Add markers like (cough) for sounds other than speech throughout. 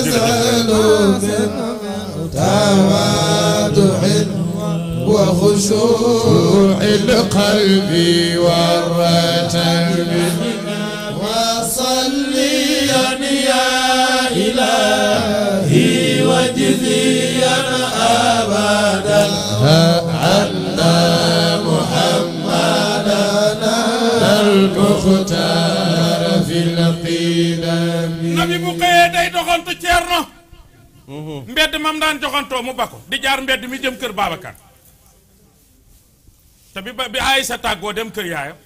أسأل من تواضع وخشوع القلب Ceerno mhm. mbedd mam daan joxantoo mu bako di jaar mbedd mi jëm kër baabakan te bi ba bi Aysa tàggoo dem kër yaayam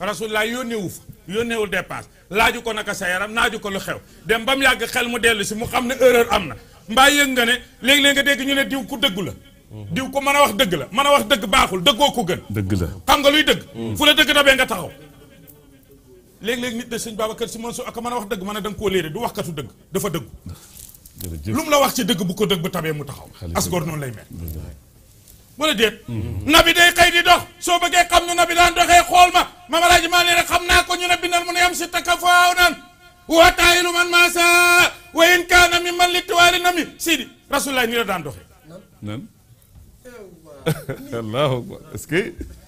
rasulullah yónneewu fa yónneewul dépense laaju ko naka sa yaram naaju ko lu xew dem ba mu yàgg xel mu dellu si mu xam ne erreur am na mbaa yëg nga ne léegi léeg nga dégg ñu ne diw ku dëggu la mhm. diw ko mën a wax dëgg la mën a wax dëgg baaxul dëggoo ko gën dëgg la xam nga luy dëgg mhm. fu la dëgg dabee nga taxaw léegi léeg nit de sëñ Babacar Si Mansour ak mën a wax dëgg mën a da nga koo léere du waxkatu dëgg dafa dëgg lu la wax ci dëgg bu ko dëgg ba tabee mu taxaw asgoor noonu lay mel wala mm-hmm. na bi day xëy di dox soo bëggee xam nu nabi daan doxee xool ma mamalaaji maa ne rek xam naa ko ñu ne bindal mu a yam si takka faaw naan wa taayilu man maasa wa in kaana mi man li tuwaali na mi sidi rasulullah ni la daan doxee (laughs)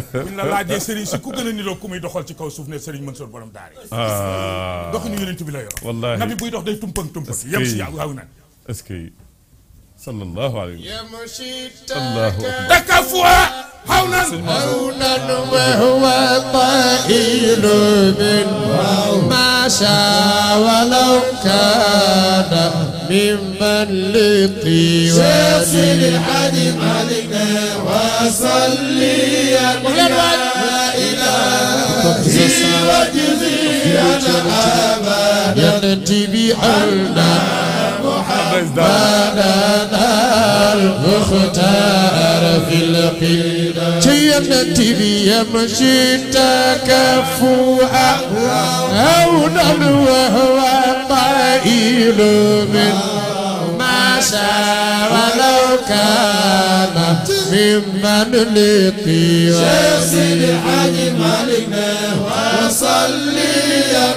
buñ la laajee Serigne si ku gën a niroog ku muy doxal ci kaw suuf ne Serigne Mansour borom daara yi. doxinu yonent bi la yor. wallaahi nabi buy dox day tumpang tumpang. yem si yàlla waaw naan. est-ce que sallallahu alayhi wa sallam. takafwa هولا هولا وهو طائل منه ما شاء ولو كان ممن لقي واصل الحديث علينا وصلي لا إله وجزي أنا أبا ينتبي عنا محمد المختار في القلب تينا تبي يمشي تكفوا أو وهو طائل من ما شاء ولو كان ممن لقي شيخ سيدي حاج مالك وصلي يا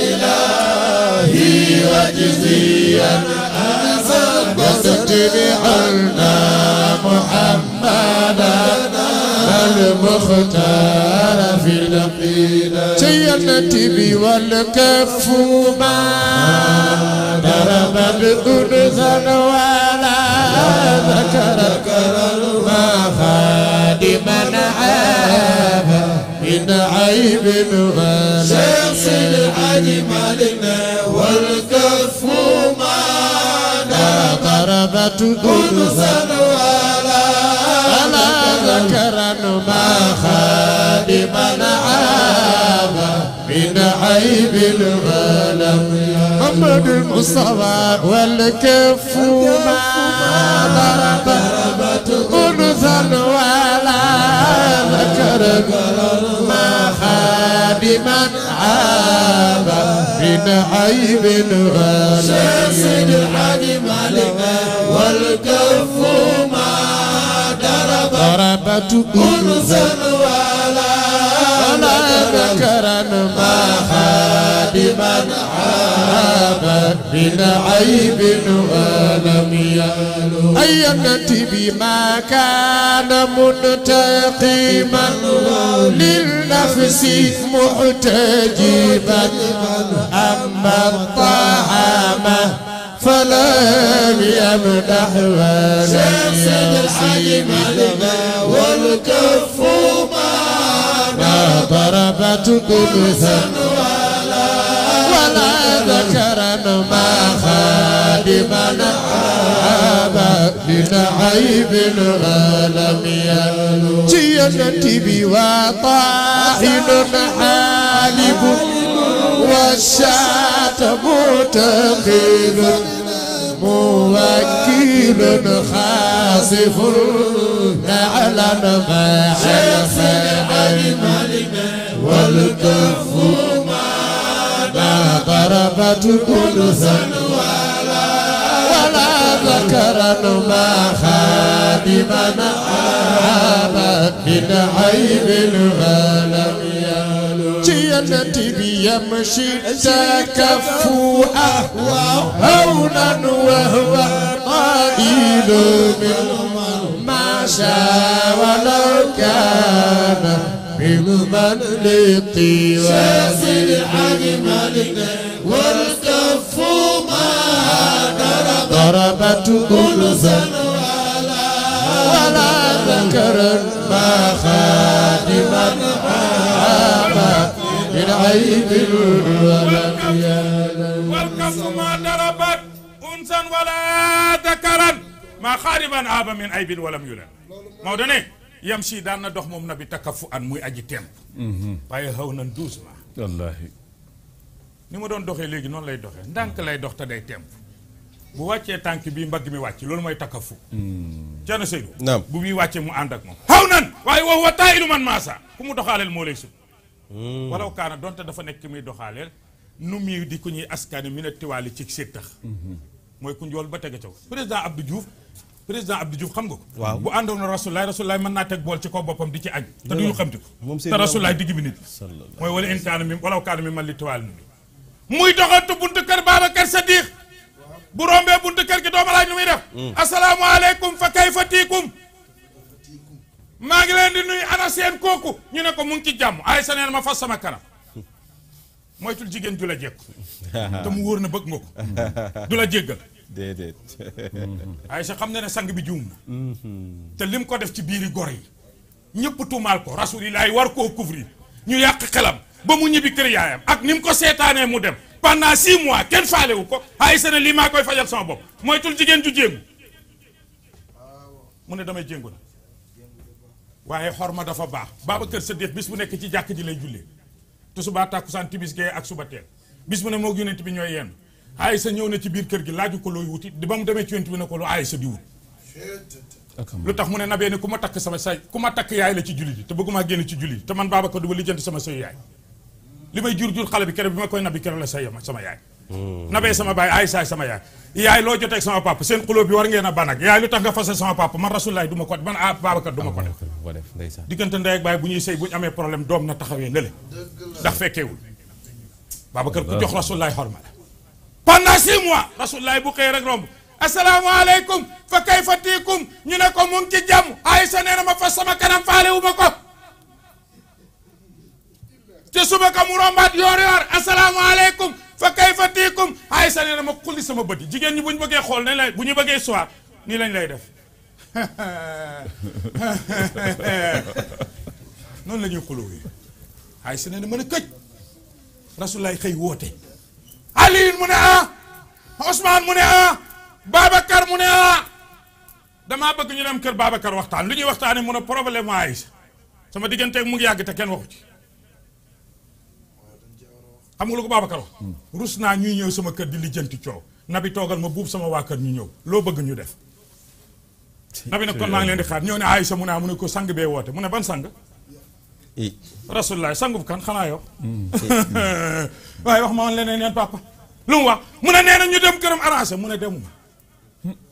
إلهي وجزيا أنا صدقت بعنا محمد المختار في القيلة سيدتي والكف ما ضرب الأنثى ولا ذكر ما خادما عاب من عيب ولا شخص العلم علينا والكف ما الكرامة قدسا ولا على ذكرا ما عاب من عيب الغلم محمد المصطفى والكف ما ضربت أنثى ولا ذكر ما خاب عاب من عيب الغلم شمس الحليم عليك والكف ما ضرب ضربت أنسا ولا ذكرا ما خادما عابا من عيب ولم يعلو أيمت بما كان منتقما للنفس محتجبا أما الطعام فلم يمدح من سيد الحي معلمة والكف ما ضربت قدسا ولا ولا ما خادما عابا من عيب ولم يلو جينا تبي وطاحن حالب وسعت متخذا موكيل خاصف نعلن ما حلف الملك والكف ما ضربت كل ولا ولا ذكرا ما خادما عابت من عيب الغلم التي يمشي تكفو أهوى هونا وهو قائل من ما شاء ولو كان بالمنلق وزير الحاج ملك والكف ما ضربت كل سنة ولا ذكر ما خان عيب ولا قيادا والقصر ما ضربت أنسا ولا ذكرا ما خاربا عاب من عيب ولم يولد Maodo yam si daan na dox moom na bi takkafu an muy aji temp mhm. waaye xaw nan doucement wallaahi ni ma doon doxee léegi noonu lay doxe ndànk lay dox te day temp bu wàccee tànk bi mbagg mi wàcc loolu mooy takkafu Thierno mhm. Seydou naam bu muy wàccee mu ànd ak moom xaw waaye wax wa taa ilu maasa ku mu doxaaleel moo lay sut Mm. waraw kaana donte dafa nekk muy doxaaleel nu muy di ku ñuy askani mi ne tiwaali ci séttax mm-hmm. mooy ku njool ba tega caw président Abdou Diouf président Abdou Diouf xam nga ko waaw bu àndoon na rasulaay rasulaay mën naa teg bool ci ko boppam di ci añ te duñu xam ti ko te rasulaay digg bi nit mooy wala in kaana mi walaw kaana mi man li tiwaali na mi muy doxantu buntu kër Babacar Sadiq bu rombee buntu kër gi dooma laaj lu muy def mm. asalaamaaleykum fa kayfa tiikum maa ngi leen di nuyu ana seen kooku ñu ne ko mu ngi ci jàmm ay sa ma fa sama kanam moytul jigéen du la jekku te mu wóor na bëgg nga ko du la jéggal ay sa xam ne ne sang bi juum na mm-hmm. te lim ko def ci biiri gor yi ñëpp tuumaal ko rasulilaay war koo couvrir ñu yàq xelam ba mu ñibbi kër yaayam ak ni mu ko seetaanee mu dem pendant six mois kenn faalewu ko ay sa ne lii maa koy fajal sama bopp moytul jigéen ju jéngu mu ne damay jéngu na waaye ma dafa baax Babacar Sadikh bis bu nekk ci jàkk ji lay julli te suba tàkkusaan timis gee ak suba teel bis mu ne moog yonent bi ñooy yenn Aysa ñëw na ci biir kër gi laaju ko looy wuti di ba mu demee ci yonent ne ko lu Aysa di wut lu tax mu ne nabee ni ku ma takk sama say ku ma takk yaay la ci julli ji te bëggumaa génn ci julli ji te man Babacar du ba lijjanti sama sëyu yaay li may jur jur xale bi kere bi ma koy nabi kere la say sama yaay nabee sama baay ay saay sama yaay yaay loo joteeg sama papa seen xuloo bi war ngeen a banak yaay lu tax nga fase sama papa man rasulaay du ma ko man ah Babacar ma ko def diggante ndey ak baay bu ñuy sëy bu ñu amee problème doom na taxawee nële ndax fekkeewul Babacar ku jox rasulaay xorma la pendant six mois rasulaay bu xëy rek romb asalaamaaleykum fa kay fatiikum ñu ne ko mu ngi ci jàmm Aysa nee na ma fas sama kanam faale ko te suba ka mu rombaat yoor yoor asalaamaaleykum fa kayfa tiikum ay sa nee na ma sama bët yi jigéen ñi bu ñu bëggee xool nañ lay bu ñu bëggee soir nii lañ lay def (laughs) noonu la ñuy xuloo yi ay sa nee na mën këj rasulaay xëy woote Aliyun mu ne ah Ousmane mu ne ah Babacar mu ne ah damaa bëgg ñu dem kër Babacar waxtaan lu ñuy waxtaanee mu ne problème mu Aïssa sama digganteeg mu ngi yàgg te kenn waxu ci xam nga lu ko Babacar wax rus naa ñuy ñëw sama kër di lijjanti coow nabi toogal ma buub sama waa kër ñu ñëw loo bëgg ñu def nabi nag kon maa leen di xaar ñëw ne Aïcha mu a mu ne ko sang bee woote mu ne ban sang rasulullah sangu kan xanaa yow mm, (laughs) waaye wax ma woon leneen neen papa lu mu wax mu ne nee na ñu dem këram arrangé mu ne demuma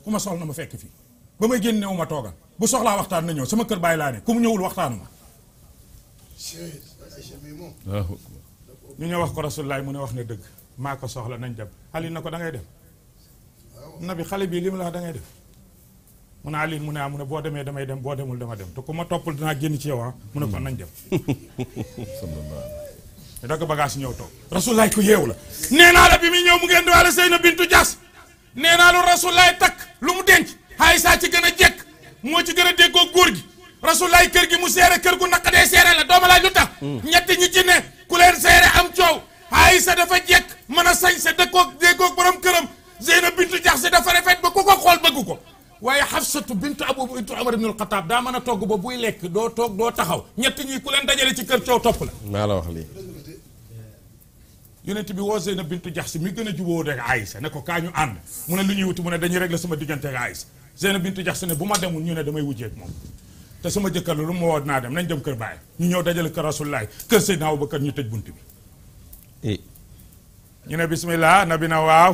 ku ma soxla na ma fekk fii ba may génn newu ma toogal bu soxlaa waxtaan na ñëw sama kër bàyyi laa ne ku mu ñëwul waxtaanu ma ñu ñëw wax ko rasulullaay mu ne wax nga dëgg maa ko soxla nañ dem Ali na ko da ngay na bi xale bii li mu la wax da ngay dem mu ne Ali mu ne ah mu ne boo demee damay dem boo demul dama dem te ku ma toppul dinaa génn ci yow ah mu ne ko nañ dem ñu (laughs) dagg bagage ñëw toog rasulullaay ku yeewu la nee naa la bi muy ñëw mu ngeen diwaale Seyna Bintu Jaas nee naa lu rasulullaay takk lu mu denc xaay saa ci gën a jekk moo ci gën a déggoo góor gi rasulullaay kër gi mu seere kër gu naqadee mm. ñi ci ne ku leen seere am coow Aïssa dafa jekk mën a sañ sa dëkkoog déggoog borom këram Zeynab bintu Jaxsi dafa rafet ba ku ko xool bëgg ko waaye Xafsatu bintu Abu bintu Umar ibnul Xataab daa mën a togg ba buy lekk doo toog doo taxaw ñett ñi ku leen dajale ci kër coow topp la. naa la wax lii. yonent bi woo Zeynab bintu Jaxsi mi gën a juboo rek Aïssa ne ko kaa ñu ànd mu ne lu ñuy wuti mu ne dañuy régler sama diggante ak Aïssa Zeynab bintu Jaxsi ne bu ma demul ñu ne damay wujjeeg moom te sama jëkkër la lu mu woo naa dem nañ dem kër Baye ñu ñëw dajale kër Rasulullah kër Seydina Abubakar ñu tëj bunt bi. Eh. ñu bismillah nabi na waaw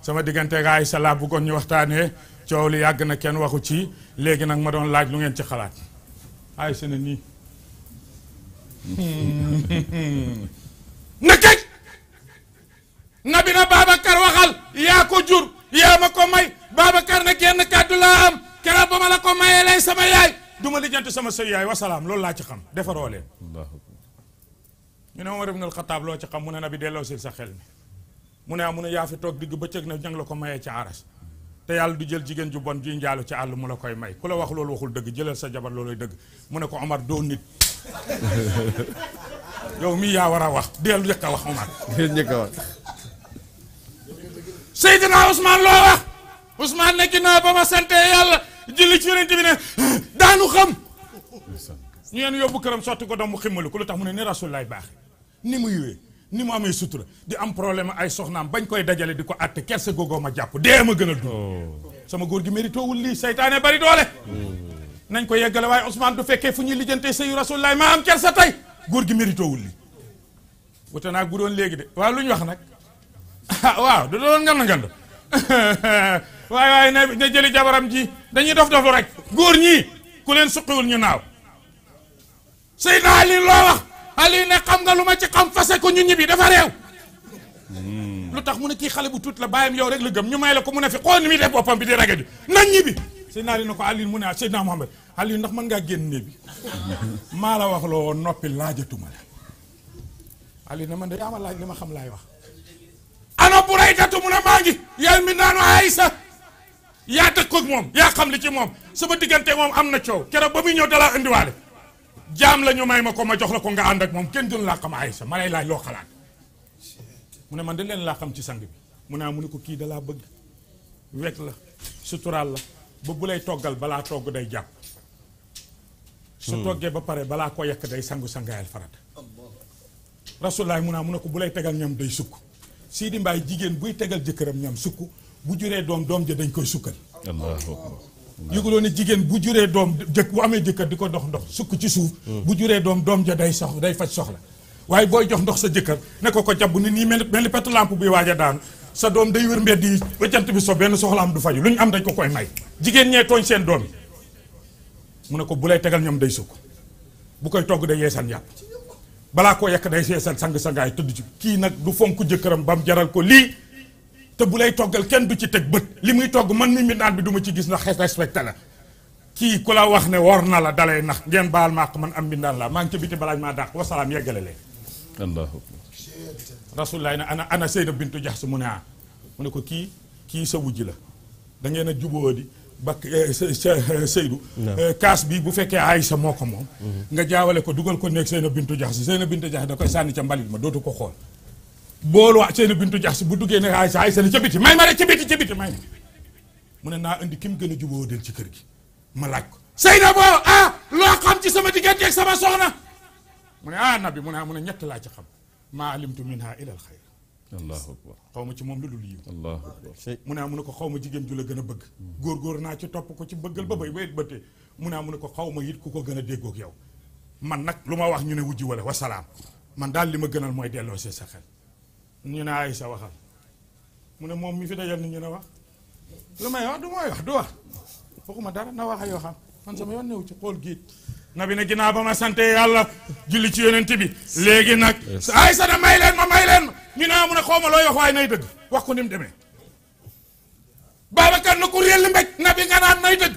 sama diggante ak Aysa laa bëggoon ñu waxtaanee coow li yàgg na kenn waxu ci léegi nag ma doon laaj lu ngeen ci xalaat Aysa na nii. (laughs) na këj nabi na waxal yaa ko jur yaa ma ko may Babacar na genn kàddu laa am keroog ba ma la ko mayee lay sama yaay. du ma lijjanti sama sëy yaay wasalaam loolu laa ci xam defaroo leen ñu ne Omar ibn al-Khattab ci xam mu ne na bi delloo sil sa xel mi mu ne ah mu ne yaa fi toog digg bëccëg na ñang la ko mayee ci aras te yàlla du jël jigéen ju bon juy njaalu ci àll mu la koy may ku la wax loolu waxul dëgg jëlal sa jabar looluy dëgg mu ne ko Omar doo nit (laughs) yow mii yaa war a wax dellu njëkk a wax Omar njëkk a wax loo wax Ousmane ne ginnaaw ba ma sante yàlla julli ci yonent bi daanu xam ñu yeen yóbbu këram sotti ko dom mu ximmalu ko lu tax mu ne ni rasulullaay baax ni mu yiwee ni mu amee sutura di am problème ay soxnaam bañ koy dajale di ko àtte kerse googoo ma jàpp dee ma gën a dund oh. sama góor gi méritoowul lii saytaane bari doole oh. nañ ko yeggale waaye Ousmane du fekkee fu ñuy lijjantee sëyu rasulullaay maa am kersa tey góor gi méritoowul lii wute naag léegi de waaw lu ñu wax nag (laughs) ah, waaw du doon ngand (laughs) waaye waaye na na jëli jabaram ji dañuy dof dof rek góor ñi ku leen suqiwul ñu naaw Seydina Ali loo wax yi ne xam nga lu ma ci xam fase ko ñu ñibbi dafa réew hmm. lu tax mu ne kii xale bu tuuti la bàyyam yow rek la gëm ñu may la ko mu ne fi xool ni muy def boppam bi di ragaju nañ ñibbi Seydina Ali ne ko Ali mu ne ah, Seydina Mohamed Ali ndax mën ngaa génn néeg bi (laughs) maa la wax loo woon noppi laajatuma la Ali ne man de yaa ma laaj li xam laay wax ana mu ne maa ngi yal yaa teg koog moom yaa xam li ci moom sama diggante moom am na coow keroog ba muy ñëw dalaa indiwaale jaam la ñu may ma ko ma jox la ko nga ànd ak moom kenn gën laa xam Aïssa ma lay laaj loo xalaat mu ne man de leen laa xam ci sang bi mun naa ah, mu ne ko kii dalaa bëgg wekk la suturaal la ba bu lay toggal balaa togg day jàpp su hmm. toggee ba pare balaa ko yekk day sangu sangaayal farata rasulilah mun naa mun ne ko bu lay tegal ñam day sukk Sidi Mbaye jigéen buy tegal jëkkëram ñam sukk bu juree doom doom ja dañ koy sukkal yëguloo ne jigéen bu juree doom jëkk bu amee jëkkër di ko dox ndox sukk ci suuf hmm. bu juree doom doom ja day sox day faj soxla waaye booy jox ndox sa jëkkër ne ko ko ni nii mel mel ni pet lampe buy waaj a daanu sa doom day wër mbedd yi ba jant bi so benn soxla am du faju lu ñu am dañ ko koy may jigéen ñee tooñ seen doom yi mu ne ko bu lay tegal ñoom day sukk bu koy togg day yeesan yàpp balaa koo yekk day yeesan sang sangaay tëdd ci nag du fonk jëkkëram ba mu jaral ko lii te bu lay toggal kenn du ci teg bët li muy togg man mi mbindaan bi duma ci gis ndax respecté la kii ku la wax ne wor na la dalay nax ngeen baal ma man am mbindaan la maa ngi ci biti balaa maa dàq wasalaam yeggale leen. allahu rasulullah ne ana ana Seyna Bintu Jaxs mu ne ah mu ne ko kii kii sa wujj la da a jubóo di ba eh, Seydou. Eh, kaas bi bu fekkee Aïcha moo ko moom. Mhm. nga jaawale ko dugal ko nekk Seyna Bintu si Seyna Bintu Jaxs da koy sànni ca mbalit ma dootu ko xool. boolu Seyna Bintu Jaxsi bu duggee ne Aysa Aysa ne ca biti may ma rek ca biti ca biti may ma mu ne naa indi ki mu gën a juboo del ci kër gi ma laaj ko Seyna boo ah, loo xam ci sama diggante ak sama soxna mu ne ah nabi mu ne mu ne ñett laa ci xam maa alimtu minha ila al xayr allahu akbar xaw ma ci moom lu dul yiw allahu akbar mu ne mu ne ko xaw ma jigéen ju la gën a bëgg góor-góor naa ci topp ko ci bëggal ba bay wet bëttee mu ne mu ne ko xaw ma it ku ko gën a déggook yow man nag lu ma wax ñu ne wujji wala wasalaam man daal li ma gënal mooy delloo see sa xel ñu ne Aïssa waxal mu ne moom mi fi dajal nit ñu ne wax lu may wax du may wax du wax waxuma dara na wax yoo xam man sama yoon newu ci xool giit nabi na ginaa ba ma sante yàlla julli ci yonent bi léegi nag Aïssa ne may leen ma may leen ma ñu ne ah, mu ne xaw looy wax waaye nay dëgg wax ko nim demee na ko réel mbéj nabi nga naan nay dëgg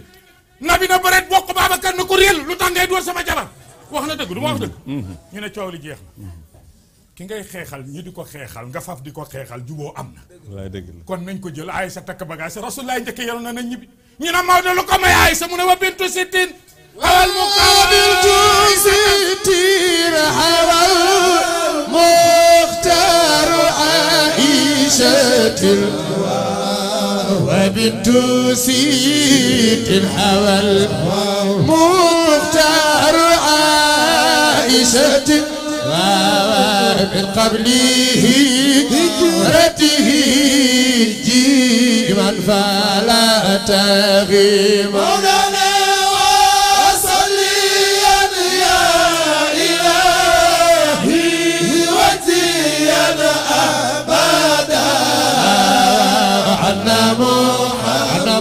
nabi na bëreet bokk babakar na ko réel lu tax ngay sama jabar wax na dëgg du ma wax dëgg mm-hmm. ñu ne li jeex mm-hmm. ki ngay xeexal ñu di ko xeexal nga faf di ko xeexal juboo am na. wallaay dëgg la kon nañ ko jël aïssa tak bagage rasulaay njëkk yal na na ñibi ñu na ne Maodo lu ko may aïssa mu ne wa bintu sittin. xawal mu kaw bintu aïssa til wa bintu sittin سيد حوى aïssa til من قبله هجرته جيل من فلا تغي مولانا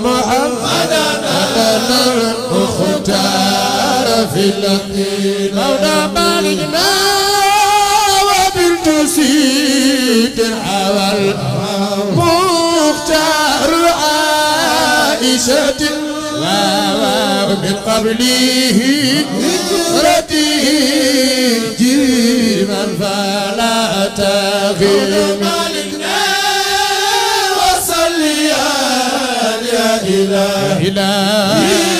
محمد أنا المختار في الأرض تنحول مختار عائشة ومن قبله ذكرته جيما فلا تغير مالكنا وصلي يا إلهي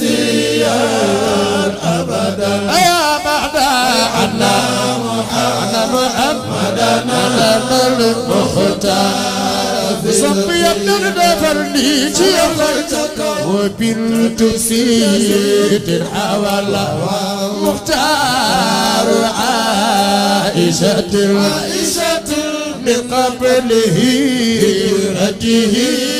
زيان أبدا يا مهدا محمد محمدا المختار صبي ابن فرني وبنت سيد حوالى مختار عائشة عائشة من قبله هجرته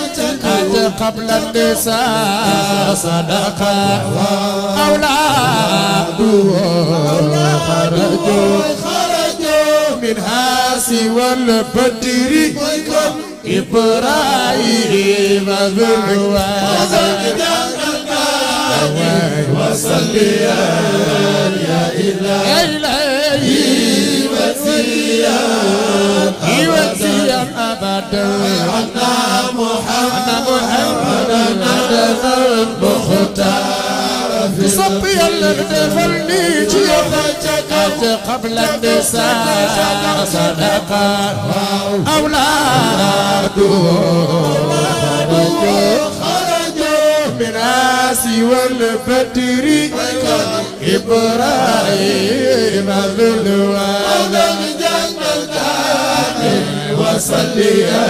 قبل النساء صدقة أولاده خرجوا منها سوى البدر إبراهيم غلوان وصلي يا إلهي وسيم أبدا أنا محمد أنا المختار صبي الغني جيوخ قبل النساء صدقا أولاد خرجوا من آسي والفتري إبراهيم ذلوا على جنة وصلي يا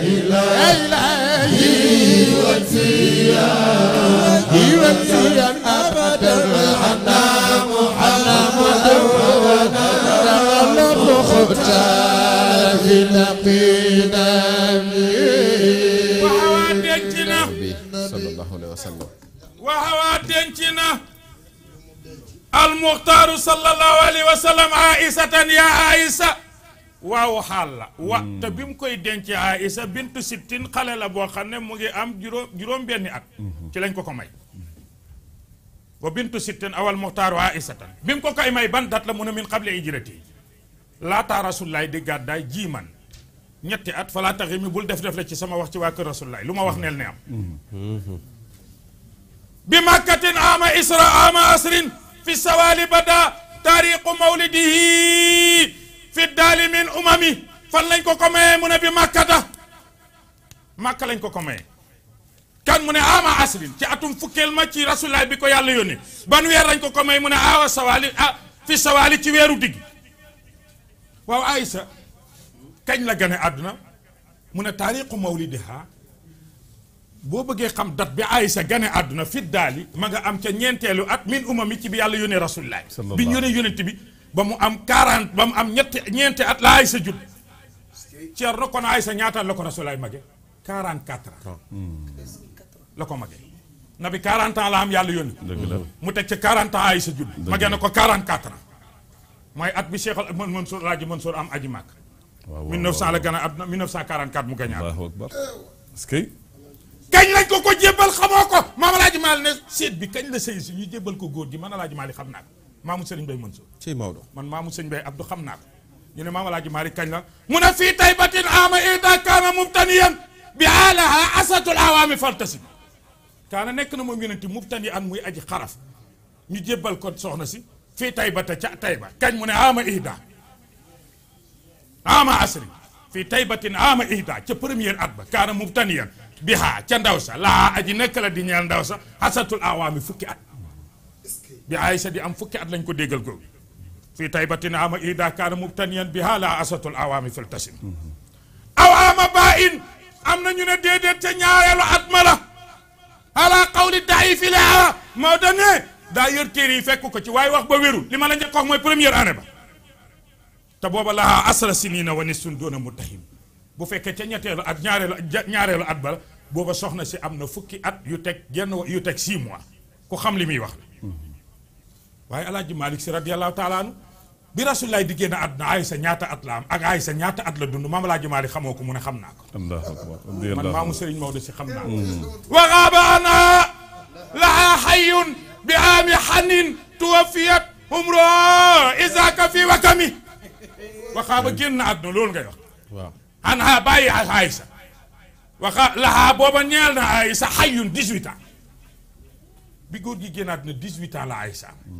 إلهي وانسيا وانسيا أبدا محمد صلى الله عليه وسلم المختار صلى الله عليه وسلم عائسة يا عائسة واو حالا و تبيم كوي دنتي عائسة بنت 60 خالة لا بو خاني موغي ام جيروم جيروم بن ات تي لنج كوكو ماي و بنت 60 اول مختار عائسة بيم كوكا اي ماي بان من قبل هجرتي لا تا الله دي غادا جيمان نيتي ات فلا تغيمي بول دف دف سما واخ واك رسول الله لوما واخ نيل بمكه عام اسراء عام عصرين fi sawaali bada taariqu mawlidihi fi daali min umami fan lañ ko ko mayee mu ne bi màkkata màkka lañ ko ko kan mu ne ama asrin ci atum fukkeel ma ci rasulaay bi ko yàlla yónni ban weer lañ ko ko may mu ne awa sawaali fi sawaali ci weeru digg waaw Aïssa kañ la gane àdduna mu ne taariqu mawlidiha boo bëggee xam date bi Aysa gane àdduna fit daali ma nga am ca ñeenteelu at min umam mi ci bi yàlla yónnee rasulullah bi ñu yónnee yónnent bi ba mu am 40 ba mu am ñetti ñeenti at la Aysa jud Ceerno kon Aysa ñaata la ko rasulullah mage 44 ans ah. la ko mage nabi 40 ans la am yàlla yónni mu teg ca 40 ans Aysa jud na ko 44 ans mooy at bi Cheikh al Mansour Laaji Mansour am aji màkk 1900 la gane àdduna 1944 mu gañe àdduna كاين لا كوكو جيبال خموكو مام لاج مال ني سيت بي كاين لا سي سي دي مام لاج مالي خمنا مامو سيرن باي منسو سي مودو مان مامو سيرن باي عبدو خمنا ني ني مام لاج مالي كاين لا من في تيبت عام اذا كان مبتنيا بعالها اسد العوام فرتسي كان نيك نمو يونتي مبتني ان موي ادي خرف ني جيبال كو سي في تيبا تا تيبا كاين من عام اذا عام عصر في تيبة عام إهدا تي بروميير كان مبتنيا bihaa ca ndaw sa laa aji nekk la di ñeel ndaw sa awaami fukki at bi Aysa di am fukki at lañ ko déggal ko fii taybatin ama ida kaana mubtaniyan bihaa laa asatul awaami fil tasim awaama baa in am na ñu ne déedéet ca ñaareelu at ma la ala qawli dayi fi laa moo da ne daa yor téere yi fekk ko ci waay wax ba wérul li ma la njëkk wax mooy première année ba te booba laa asra sinina wa nisun doona mutahim bu fekkee ca ñetteelu at ñaareelu ñaareelu at ba booba soxna si am na fukki at yu teg genn yu teg 6 mois ku xam li muy wax la mm-hmm. waaye alaaji Malick si radiyallahu taala anu bi rasulilah di génn àdduna Aysa ñaata at la am ak Aysa ñaata at la dund maam alaaji Malick xamoo ko mu ne xam naa ko man maamu Serigne Maodo si xam naa ko mm-hmm. waxaaba ana lahaa xayun bi aami xanin tuwafiyat umro isaaka fii wakami waxaaba génn àdduna loolu ngay wax anha bàyyi Aïssa waxa laxaa booba ñeel na Aïssa xayyun 18 ans bi góor gi génnaat na 18 ans la Aïssa am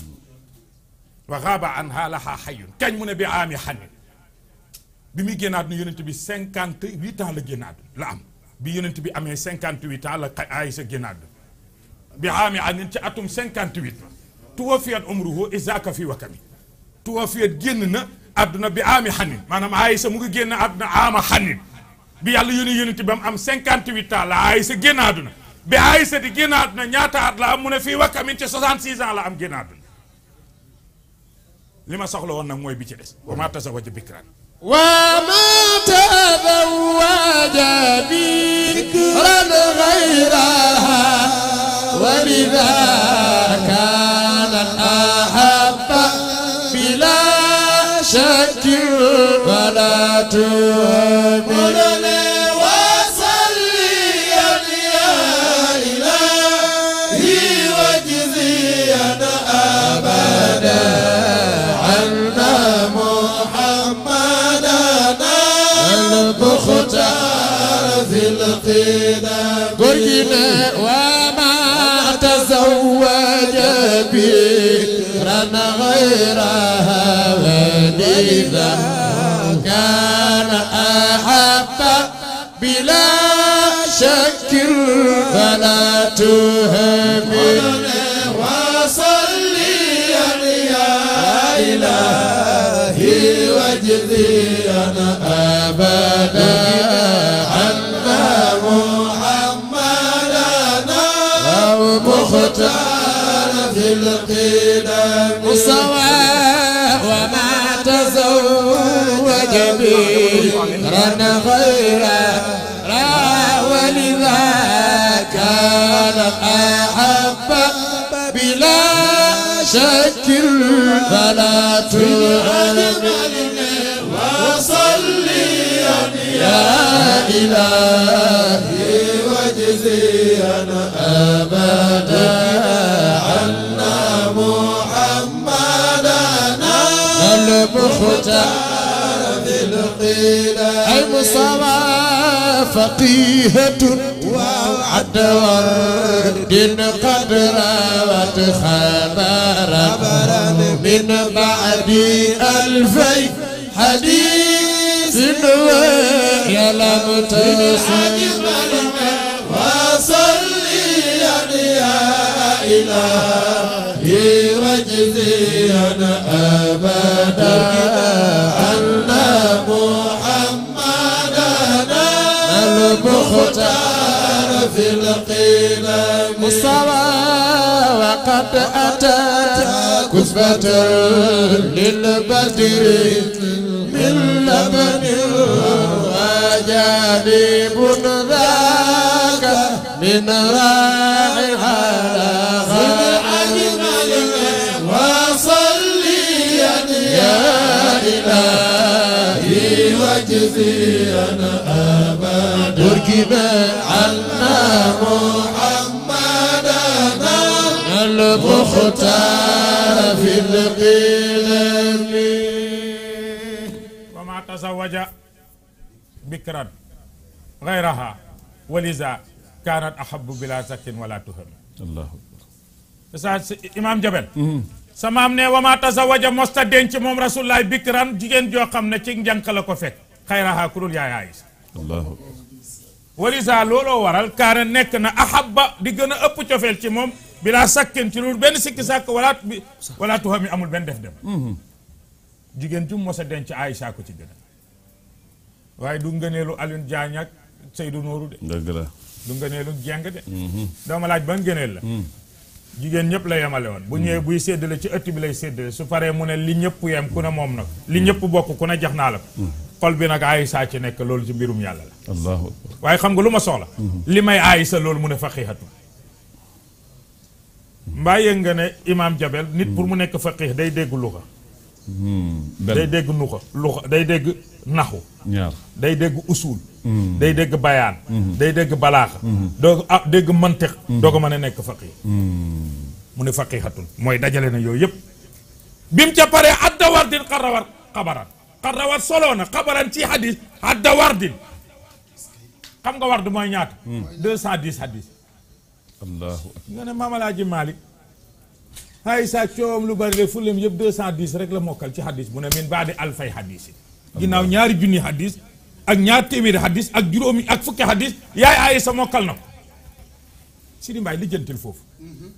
waxaaba anha laxaa xayyun kañ mu ne bi aami xanin bi muy génnaat na yonent bi 58 ans la génnaat la am bi yonent bi amee 58 ans la Aïssa génnaat bi aami xanin ci atum 58 la tuwafiyat umruhu isaaka fi wakami tuwafiyat génn na adduna bi aami xanin maanaam Aysa mu ngi génn adduna aama xanin bi yàlla yónni yónni ba mu am 58 ans la Aysa génn adduna bi Aysa di génn adduna ñaata at la am mu ne fii wakka min ci 66 ans la am génn adduna li ma soxla woon nag mooy bi ci des wa maa tazawwaja bikran wa maa tazawwaja bikran ghayraha wa إذا كان أحب بلا شك فلا تهمل وصلي يا إلهي واجزي أنا أبدا شكل فلا تعلمني وصلي يا إلهي واجزي أنا أبدا عنا محمدنا المختار أي فقيهة وعد ورد قد روت من بعد ألفي حديث يا لم تصل وصلي يا إلهي وجدي أنا أبدا أتى أتت للبدر من لبن وجانب ذاك من راعها خذ أجمل وصلي يا إلهي وجزي أنا أبدا تركب عنا محمد المختار في القلم وما تزوج بكرا غيرها ولذا كانت أحب بلا شك ولا تهم الله أكبر إمام جبل samaam ne wama tazawaja mosta denc moom rasulullaay bikran jigéen joo xam ne ci njànk la ko fekk xayraha kurul yaay Aïsa walisa looloo waral kaana nekk na ahaba di gën a ëpp cofeel ci moom bila sakken ci lul ben sikki sak wala wala tu hami amul ben def dem mhm. jigéen mo sa den ci aisha ko ci gëna waye du ngeenelu alun jañak Seydou Nourou de deug mhm. la du ngeenelu jeng de dama laaj ban ngeenel la jigen ñep la yamale won bu ñewé buy séddale ci ëtt bi lay sédel su faré mu ne li ñep yam ku ne moom li ñep bokku ku ne jax la mhm. xol bi nak aisha ci nek lool ci mbirum yalla la allahu akbar xam nga luma soxla limay aisha lool mu ne mbaye nga ne imam jabel nit pour mu nek faqih day dégg luxa hmm, day dégg nuxa luxa day deg nahu day deg usul hmm. day deg bayan, hmm. day deg balaaxa do deg mantek, do ko mané nek nekk faqih mu ne faqihatun moy dajale na bim ci paré adda wardin xarrawar qabaran xarrawar soloo na ci hadis adda wardin xam nga ward mooy hadis hadis allahu akbar nga ne maamalaaji Malick hay sa coowam lu bari de fulem yëpp deux cent dix rek la mokkal ci hadis mu ne min baa di alfay hadis yi ginnaaw ñaari junni hadis ak ñaar téeméeri hadis ak juróomi ak fukki hadis yaay ay sa mokkal na ko Sidi Mbaye lijjantil foofu mm-hmm.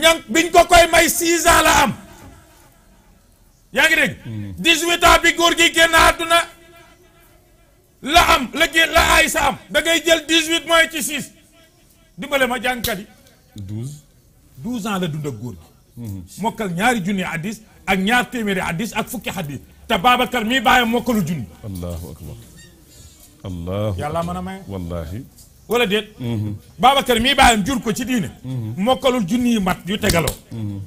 ñan biñ ko koy may six la am yaa ngi dégg mm-hmm. dix-huit bi góor gi génn àdduna la am la génn la ay sa am da jël dix mooy ci six dimbale ma jàngkat yi. douze. douze ans la dund ak góor gi. Mhm. mokkal ñaari junni hadis ak ñaar téeméeri hadis ak fukki hadis te Babacar mii bàyyam mokkalu junni. allahu akbar. allahu yàlla mën a maye. wala déet. Mhm. Babacar mii bàyyam jur ko ci diine. Mhm. mokkalul junni yi mat yu tegaloo.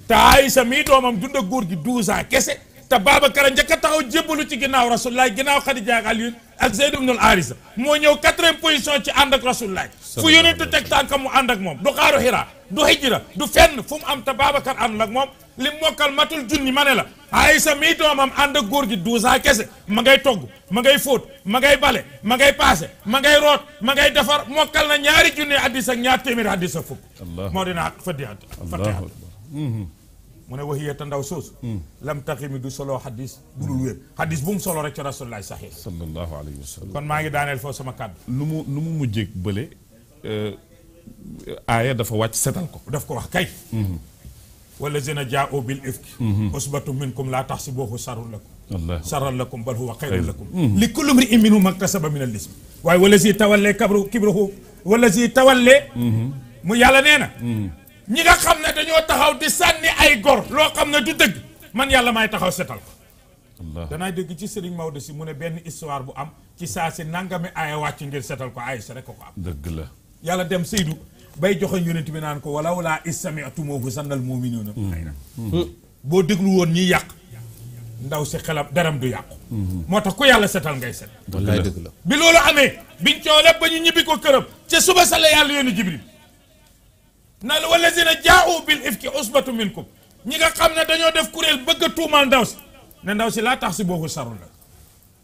te Aïssa mii doomam dund ak góor gi douze ans kese. te Babacar a njëkk a taxaw jébbalu ci ginnaaw rasulullah ginnaaw Xadija ak Alioune. ak Zayd ibnul Haarisa moo ñëw quatrième position ci ànd ak Rasulullah fu yonentu teg tànkam mu ànd ak moom du xaaru Hira du hijra du fenn fu mu am te Babacar ànd ak moom li mokkal matul junni ma ne la Aïssa mii doomam ànd ak góor gi douze ans kese ma ngay togg ma ngay fóot ma ngay bale ma ngay paase ma ngay root ma ngay defar mokkal na ñaari junni hadiis ak ñaar téeméeri hadiis ak fukk moo dina fatiha fatiha mu ne waxiyata ndaw soosu lam taximi du solo xadis bu dul wér xadis bu mu solo rek ci rasulullahi saxi sallallahu alayhi wa sallam kon maa ngi daaneel foofu sama kàddu nu mu nu mu mujjee bële aaya dafa wàcc setal ko daf ko wax kay والذين جاءوا بالإفك عصبة منكم لا تحسبوه شر لكم شر لكم بل هو خير لكم لكل امرئ منهم ما اكتسب من الإثم والذي تولى كبره والذي تولى mu yàlla nee na ñi nga xam ne dañoo taxaw di sànni ay gor loo xam na du dëgg man yàlla may taxaw setal ko danaa dégg ci Serigne Maodo si mu ne benn histoire bu am ci saa si mi aaya wàcc ngir setal ko ay sa rek ko ko am dëgg la yàlla dem Seydou bay joxoñ yonent bi naan ko walaw laa isamitumoohu sannal muminuuna xayra mm. boo déglu woon ñiy yàq ndaw si xelam daram du yàqu mm-hmm. moo tax ko yàlla setal ngay set dëgg la bi loolu amee biñ coole ba ñu ñibbi ko këram ca suba sa yàlla yónni والذين جاءوا بالإفك عصبة منكم نيغا خامنا دانيو ديف كوريل بڬ تومال داوس نا لا تحسبوه شر لك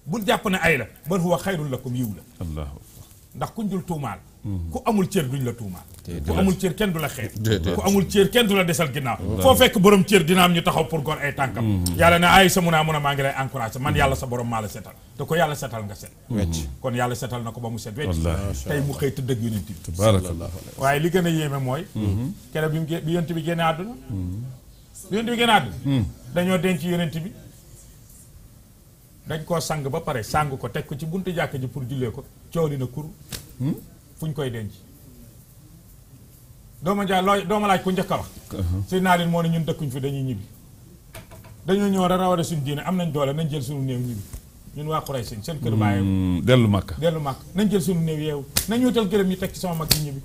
بول جابنا ايلا بل هو خير لكم يولا الله اكبر ندخ كون تومال ku amul cër duñ la tuumaal. ku amul cër kenn du la xeeb. ku amul kenn du la desal ginnaaw. Mm-hmm. foo fekk borom cër dina am ñu taxaw pour gor ay tànkam. Mm-hmm. yàlla ne ay sa mun a mun a maa ngi lay encouragé man yàlla sa borom maa la setal te ko yàlla setal nga set. kon yàlla setal na ko ba mu set. wallaahi tey mu xëy te dëgg yonent bi. waaye li gën a yéeme mooy. Mm-hmm. keroog bi mu bi yonent bi génne àdduna. bi yonent bi génne àdduna. Mm. dañoo denc yonent bi. dañ koo sang ba pare sang ko teg ko ci buntu jàkk ji pour jullee ko coow li na fu ñu koy denc dooma jaay loo dooma laaj ku njëkk a wax uh-huh. si naa moo ne ñun dëkkuñ fi dañuy ñibbi dañoo ñëw rek rawale suñu diine am nañ doole nañ jël suñu néew ñibbi ñun waa Quraysh seen seen kër bàyyi mm, dellu màkk dellu màkk nañ jël suñu néew yeewu nañu wutal gërëm yi teg ci sama mag yi ñibbi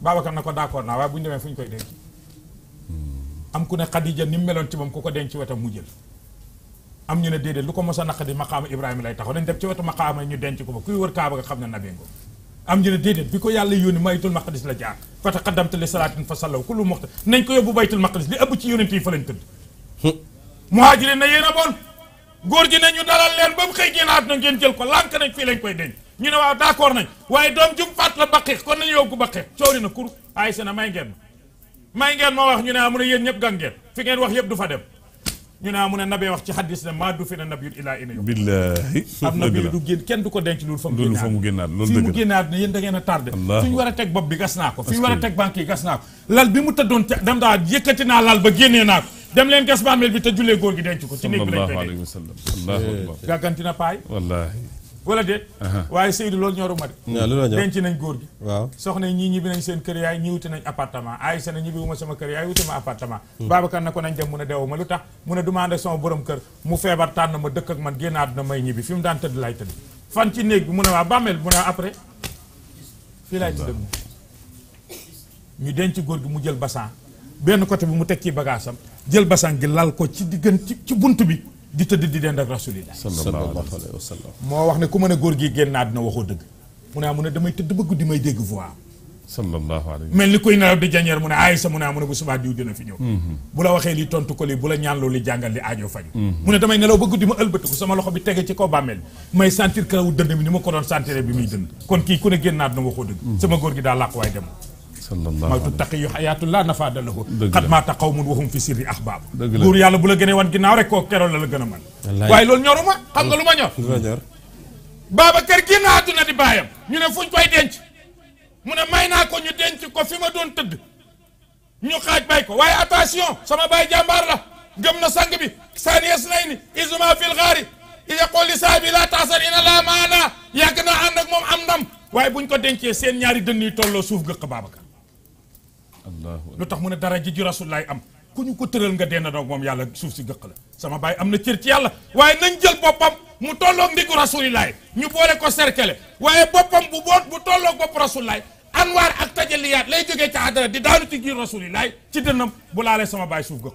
Babacar na ko d'accord naa waaye bu ñu demee fu ñu koy denc mm. am ku ne Xadija ni mu meloon ci moom ku ko denc wetam mu jël am ñu ne déedéet lu ko mos a naqadi maqaama Ibrahima lay taxaw dañ dem ci wetu maqaama ñu denc ko ba kuy wër kaaba nga xam ne nabingo am ñu ne déedéet bi ko yàlla yónni maytul nañ ko yóbbu yi a bon ba mu xëy génnaat na ngeen jël ko lànk nañ na kur may ngeen ma may ngeen ma wax ñu ne amu ne yéen ñëpp gàngeen fi ngeen wax yëpp du fa dem ñu naa mu ne nabee wax ci xaddis ne maa du fi na nabiyul illaa ina billaahi am nabi du génn kenn ko denc loolu fa mu génnaat fii mu génnaat da ngeen a tardé bi gas naa ko fi ñu war a teg banque yi gas naa ko lal bi mu tëddoon ca dem daa yëkkati naa lal ba génnee naa ko dem leen gas bàmmeel bi te jullee góor gi denc ko ci néeg bi lañ koy denc eh, gàgganti na paay wala de waaye Seydou loolu ñoruma de denc nañ góor gi waaw soxna ñii ñibbi nañ seen kër yaay ñi wuti nañ appartement Aïssa na ñibbi wu ma sama kër yaay wuti ma appartement hmm. Babacar na ko nañ dem mun a dewu ma lu tax mun a demandé sama borom kër mu feebar tànn ma dëkk ak man génn àdduna may ñibbi fi mu daan tëdd laay tëdd fan ci néeg bi mu a waa bàmmeel mu ne waa après fii laay tëdd mu ñu denc góor gi mu jël basan benn côté bi mu teg ci bagaasam jël basan gi lal ko ci diggante ci bunt bi di tëdd di dend ak rasulillah sallallahu alayhi moo wax ne ku ma a góor gi génnaat na waxoo dëgg mu ne ah mu ne damay tëdd bëgg di may dégg voix sallallahu alayhi mel ni kuy nelaw di jañeer mu ne Aysa mu ne ah mu ne bu subaa diw dina fi ñëw mhm. bu la waxee li tontu ko li bu la ñaanloo li jàngal li aajo faju mhm. mu ne damay nelaw bëgg di ma ëlbatiku sama loxo bi tege ci kaw bàmmeel may sentir karawu dënd mi ni ma ko doon sentir bi muy dënd kon kii ku ne génnaat na waxoo dëgg mhm. sama góor gi daa làq waay dem mawtu taqiyu xayaatu laa nafaada lahu xat maata qawmun wahum fi sirri ahbaab buur yàlla bu la gënee wan ginnaaw rek koo keroon la la gën a mën waaye loolu ñoruma xam nga lu ma ñor Babacar génn àdduna di bàyyam ñu ne fuñ koy denc mu ne may naa ko ñu denc ko fi ma doon tëdd ñu xaaj bay ko waaye attention sama baay jàmbaar la gëm na sang bi saanies nay ni isuma fil xaari ida qoli saabi laa taxsan ina laa maana yàgg naa ànd ak moom am ndam waaye buñ ko dencee seen ñaari dënn yi tolloo suuf gëq Babacar lu tax mu ne dara ji ji rasulaay am ku ñu ko tëral nga dend doog moom yàlla suuf si gëq la sama baay am na cër ci yàlla waaye nañ jël boppam mu tollook tolloog ndiggu rasulilaay ñu boole ko cercle waaye boppam bu boot bu tolloog bopp rasulilaay anwaar ak tajaliyaat lay jógee ca àddara di daanu ci giir rasulilaay ci dënnam bu laalee sama baay suuf gëq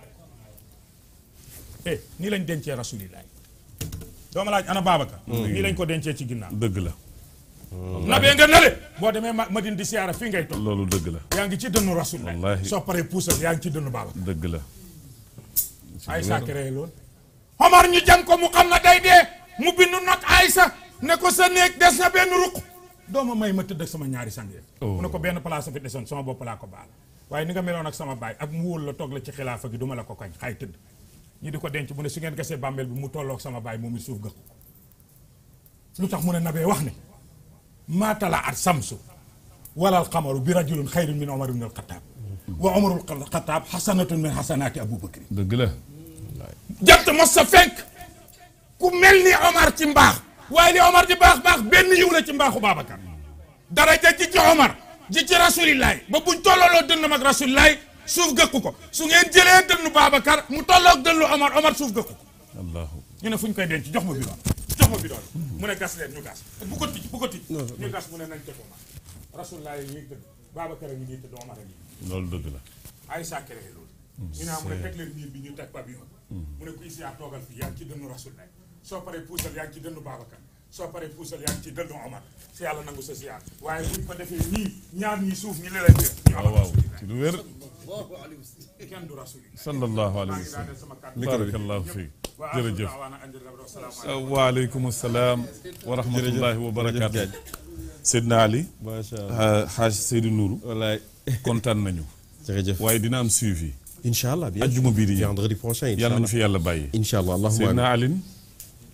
eh, nii lañ dencee rasulilaay dooma laaj ana baabaka mm. nii lañ ko dencee ci ginnaaw dëgg la Hmm. nabee nga nale boo demee madine di siara fii ngay toog loolu dëgg la yaa ngi ci dënnu rasul soo paree puusal yaa ci dënnu baaba dëgg la ay créé Omar ñu jam ko mu xam na day dee mu bindu nag Aysa ne ko sa néeg des na benn ruq dooma may ma tëdd sama ñaari sang yi ya. oh. mu ne ko benn place fi desoon sama bopp laa ko baal cekelafa, ni nga meloon ak sama baay ak mu wóol la toog la ci gi duma la ko kañ xay ñi denc mu ne su ngeen bi mu sama baay moom i suuf gëkk lu mu ne wax ne ما طلعت شمس ولا القمر برجل خير من عمر بن الخطاب وعمر الخطاب حسنة من حسنات أبو بكر دقلة جبت مصة فيك كملني عمر تنباخ ويلي عمر تنباخ باخ بني يولا تنباخ بابكر درجة جي عمر جي رسول الله ببون تولو الله دن مك رسول الله سوف جكوكو سوف ينجلي دن بابكر متولو دن عمر عمر سوف جكوكو الله هنا فين كاي دنتي جخمو بيوان amu bi doon mu ne gas leen ñu gas bu ko tij bu ko tij ñu gas mu ne nañ teko ma rasulullah yi ñuy dëgg Babacar a ngi nii te doomar a ngi loolu dëgg la ay sàkkere loolu mm. ñu naa mu ne teg leen miir bi ñu teg pavillon mm. mu ne ku isi yaa toogal fii yaa ngi ci dënnu rasulullah soo paree puusal yaa ngi ci dënnu Omar si yàlla nangu sa siyaar waaye buñ ko defee nii ñaar ñi suuf ñi leleen ñu am waaw lu wér صلى الله عليه وسلم بارك الله فيك جرجف وعليكم السلام ورحمة الله وبركاته سيدنا علي ما شاء الله آه، حاج سيد النور والله كونتان جرجف واي دينا ان شاء الله بيان الجمعه بي دي فاندري بروشين يلا نفي يلا باي ان شاء الله اللهم سيدنا علي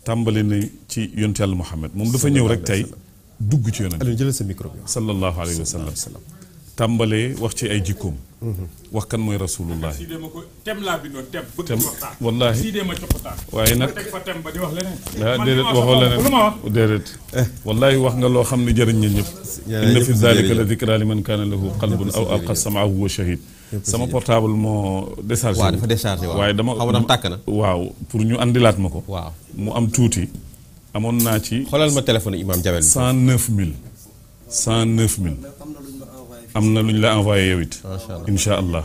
تامبالي ني تي يونت يالله محمد موم دا تاي دوج تي يونت علي جيل سا صلى الله عليه وسلم تامبالي واخ اي جيكوم wax kan mooy rasulullah. tem laa bindoon wallaahi waaye nag teg fa tem ba di wax ah, déedéet waxoo leneen déedéet. Eh. wallaahi wax nga loo xam ne jëriñ na ñëpp. inna fi zalika la dikra man kaana lahu qalbun aw alqa sam'ahu wa shahid sama portable moo déchargé. waaw dafa déchargé waaye dama. xaw na tàkk na. waaw pour ñu andilaat ma ko. waaw mu am tuuti. amoon naa ci. xolal ma téléphone imam Jabel bi. 109000. 109000. am na lu ñu la envoyé yow it. incha allah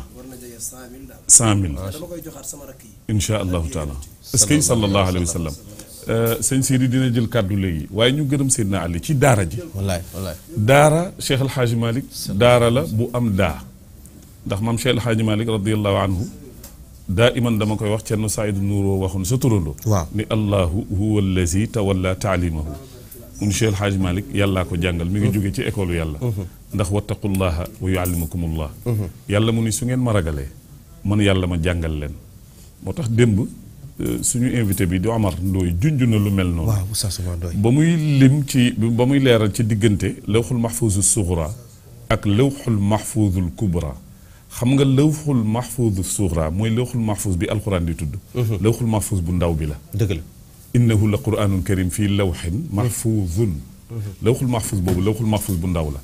cent mille. incha allahu taala. est-ce que sallallahu alayhi euh, sëñ Sidi dina jël kàddu léegi waaye ñu gërëm Seydina Ali ci daara ji. wallaay wallaay daara Cheikh El Hadj daara la bu am daa. ndax maam Cheikh El Hadj Malick radiyallahu anhu daa iman dama koy wax Thierno Saïd Nourou waxoon sa turandoo. waaw ni Allahu huwa allazi tawalla taalimahu. mun Cheikh El Hadj Malick yàllaa ko jàngal mi ngi mm-hmm. jóge ci école yàlla. Mm-hmm. ndax wattaqullaha wa yuallimukum yuallimukumullah yàlla mu ni su ngeen ma ragalee man yàlla ma jàngal leen moo tax démb suñu invité bi di Omar Ndoye junj na lu mel noonu waaw Oustaz Omar Ndoye ba muy lim ci ba muy leeral ci diggante lawxul mahfuzu suxra ak lawxul mahfuzul kubra xam nga lawxul mahfuzu suxra mooy lawxul mahfuz bi alquran di tudd lawxul mahfuz bu ndaw bi la dëgg la innahu la quranun karim fi lawxin mahfuzun lawxul mahfuz boobu lawxul mahfuz bu ndaw la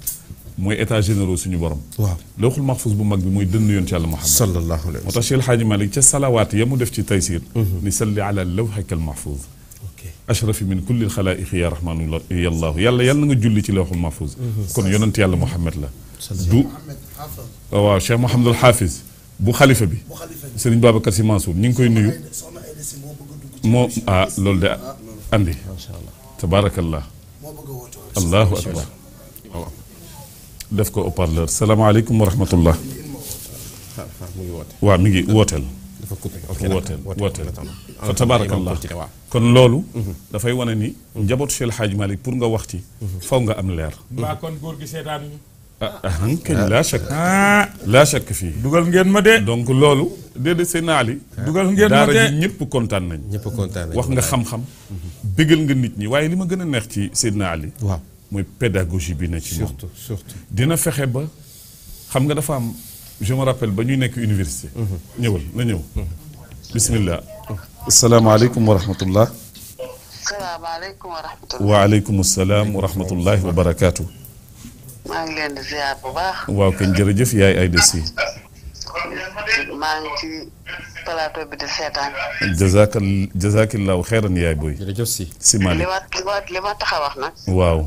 موي ايتا جينيرو سونو برم واو لوخو المحفوظ بو ماغ بي موي دند محمد صلى الله عليه وسلم موتا شيخ الحاج مالك تي صلوات يمو دفتي تيسير نسلي على لوحك المحفوظ اوكي اشرف من كل الخلائق يا رحمن الله يا الله يلا يلا نغا جولي تي لوخو المحفوظ كون يونت يالله محمد الله دو محمد حافظ واو شيخ محمد الحافظ بو خليفه بي بو خليفه سيرن بابا كاسي منصور نينغ كوي نيو مو اه لول دي الله تبارك الله مو الله اكبر def ko au parleur salaamaaleykum wa rahmatullah. waaw mi ngi wooteel. dafa coupé wooteel wooteel fa tabaarakallah kon loolu. dafay wane ni. njabootu Cheikh El Hadj Malick pour nga wax ci. faw nga am leer. mbaa kon góor gi seetaan ñu. ah kañ laa chak. laa chak fii. dugal ngeen ma de. donc loolu. déedéet seen ali. dugal ngeen ma de daara ñëpp kontaan nañ. ñëpp kontaan wax nga xam-xam. bégal nga nit ñi waaye li ma neex ci Seydina Ali. waaw. moy pédagogie bi na ci moom surtout surtout dina fexe ba xam nga dafa am je me rappelle ba ñuy nekk université ñëwal na ñëw bismillah assalamu alaykum wa rahmatullah assalamu alaykum wa rahmatullah wa alaykum assalam wa rahmatullah wa barakatuh maa ngi leen di ziar bu baax waaw kañ jërëjëf yaay ay desi maa ngi ci plateau bi di seetaan. jazaakal jazaakillahu xeeran yaay booy. jërëjëf si si Malick li ma li ma tax wax nag. waaw.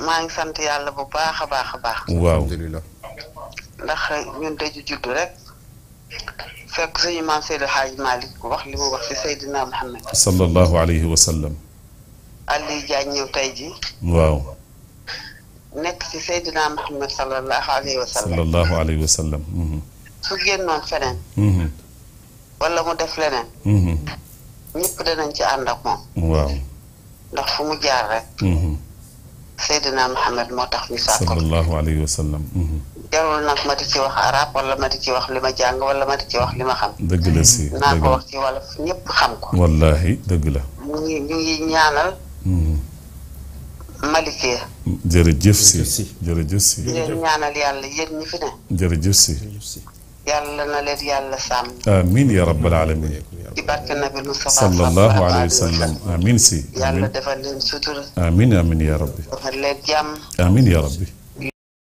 maa ngi sant yàlla bu baax a baax a baax. waaw alhamdulilah. ndax ñun dañu juddu rek fekk suñu maam Seydou Hadj Malick wax li mu wax si Seydina Mohamed. sallallahu alayhi wa sallam. Aliou Diagne ñëw tey ji waaw. nekk ci Seydina Mohamed sallallahu alayhi wa sallam. sallallahu alayhi wa sallam. su génnoon feneen. wala mu def leneen. ñëpp danañ ci ànd ak moom. waaw ndax fu mu jaar rek. Seydina Muhammad moo tax ñu sàkk mhm. jarul nag ma di ci wax arab wala ma di ci wax li ma jàng wala ma di ci wax li ma xam dëgg la si ko wax ci wolof ñëpp xam dëgg la ñu ngi ñaanal mhm. Malikia jërëjëf si jërëjëf ñaanal yàlla yéen ñi fi ne jërëjëf si yàlla na leen yàlla sàmm amin ya rabbal alamin ci barke nabil Mustafa sallallahu alayhi amin si yàlla defal leen sutura amin amin rabbi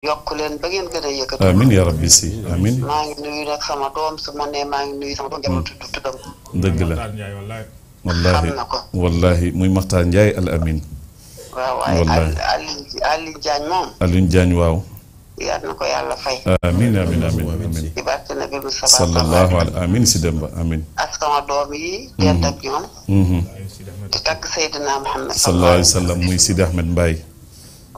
yokk leen ba ngeen gën a yëkkati amin ya rabbi si amin maa ngi nuyu nag sama doom su ma maa ngi nuyu sama doom jamono xam na ko wallahi muy Maxtaar Njaay al waaw waaye Aliou Aliou moom Aliou Diagne waaw yàlla na ko yàlla fay. amiin amiin amiin amiin. ci doom yi. dend takk Seydina Mouhamed. sallallahu alayhi wa muy Sidi Ahmed Mbaye.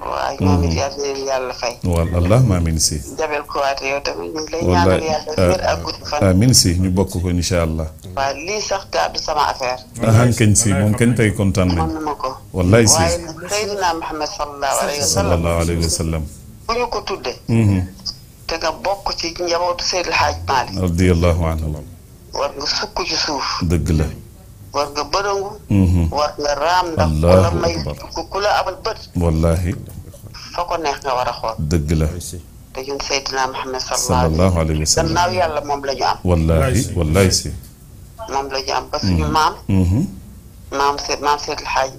waaw moom it mm-hmm. yàlla na yàlla fay. wallah ma ko waate yow tamit ñu ngi lay ñaanal yàlla ah, wér ak gudd fan. amiin si ñu bokk ko incha allah. waaw lii sax daa du sama affaire. ah kañ si moom kañ tey kontaan nañu. mën na ma ko. wallaay si waaye Seydina Mouhamed sallallahu alayhi wa sallam. ma la ko mhm. te nga bokk ci njabootu Seydil Hadj Malick radiyallahu anhu war nga sukk ci suuf dëgg la war nga bëdëngu mhm. war nga raam ndax ku la may ku la abal bët wallahi la te ñun Seydina Muhammad sallallahu yàlla moom la ñu am wallahi wallahi si mhm. maam maam se maam Seydil Hadj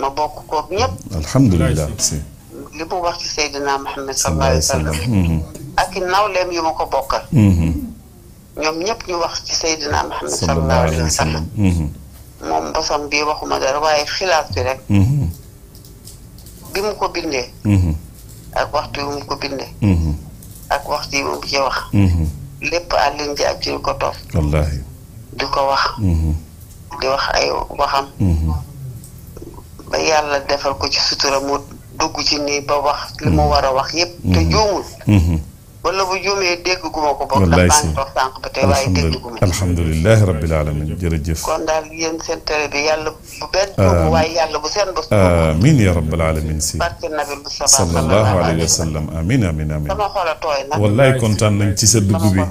ma bokk koog ñëpp alhamdulilah si li mu wax ci Seydina Muhammad sallallahu alayhi wa sallam mm-hmm. ak i nawleem yu ma ko bokkal mm-hmm. ñoom ñëpp ñu wax ci Seydina Muhammad sallallahu alayhi wa sallam mm-hmm. moom bosom bii waxuma dara waaye xilaas bi rek bi mu ko bindee ak waxtu yu mu ko bindee ak waxtu yi mu ci wax lépp àllin ji ak ci ko toog wallaahi di ko wax di wax ay waxam ba yàlla defal ko ci sutura mu dugg ci nii ba wax li mu hmm. war a wax yépp te hmm. juumul hmm. wala bu juumee dégg gu ma ko bokk ndax maa ngi toog sànq ba tey waaye dégg gu ma alhamdulilah rabbil alamin jërëjëf kon daal yéen seen télé bi yàlla bu benn juum waaye yàlla bu seen bés amiin ya rabbil alamin si barke nabi Mustafa sallallahu alayhi wa sallam amiin amiin amiin sama xol a tooy nag wallaay kontaan nañ ci sa dugg bi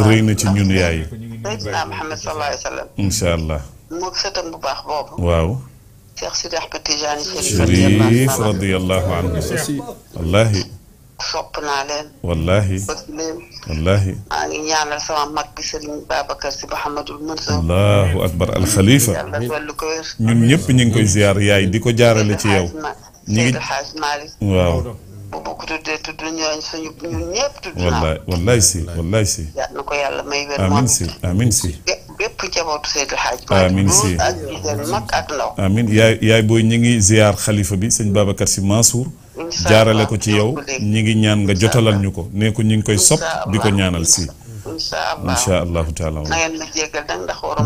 rëy na ci ñun yaay Seydina Muhammad sallallahu alayhi wa sallam incha allah moog sëtam bu baax boobu waaw شيخ سيدي احمد تيجاني شريف رضي الله عنه والله شقنا لين والله والله يعني يعمل سواء مك بسلم بابا كرسي محمد المنصر الله اكبر الخليفه من يب نينكو زيار ياي ديكو جار لتيو سيد الحاج مالك واو bu bu ko tuddee tudd ñooñ suñu ñun ñëpp tudd naa wallaay wallaay si wallaay si yàlla na ko yàlla may wér amin si amin si bépp njabootu Seydil Hadj amin si amin yaay yaay booy ñi ngi ziar xalifa bi sëñ Babacar si Mansour jaarale ko ci yow ñi ngi ñaan nga jotalal ñu ko nee ko ñi ngi koy sop di ko ñaanal si incha allahu taala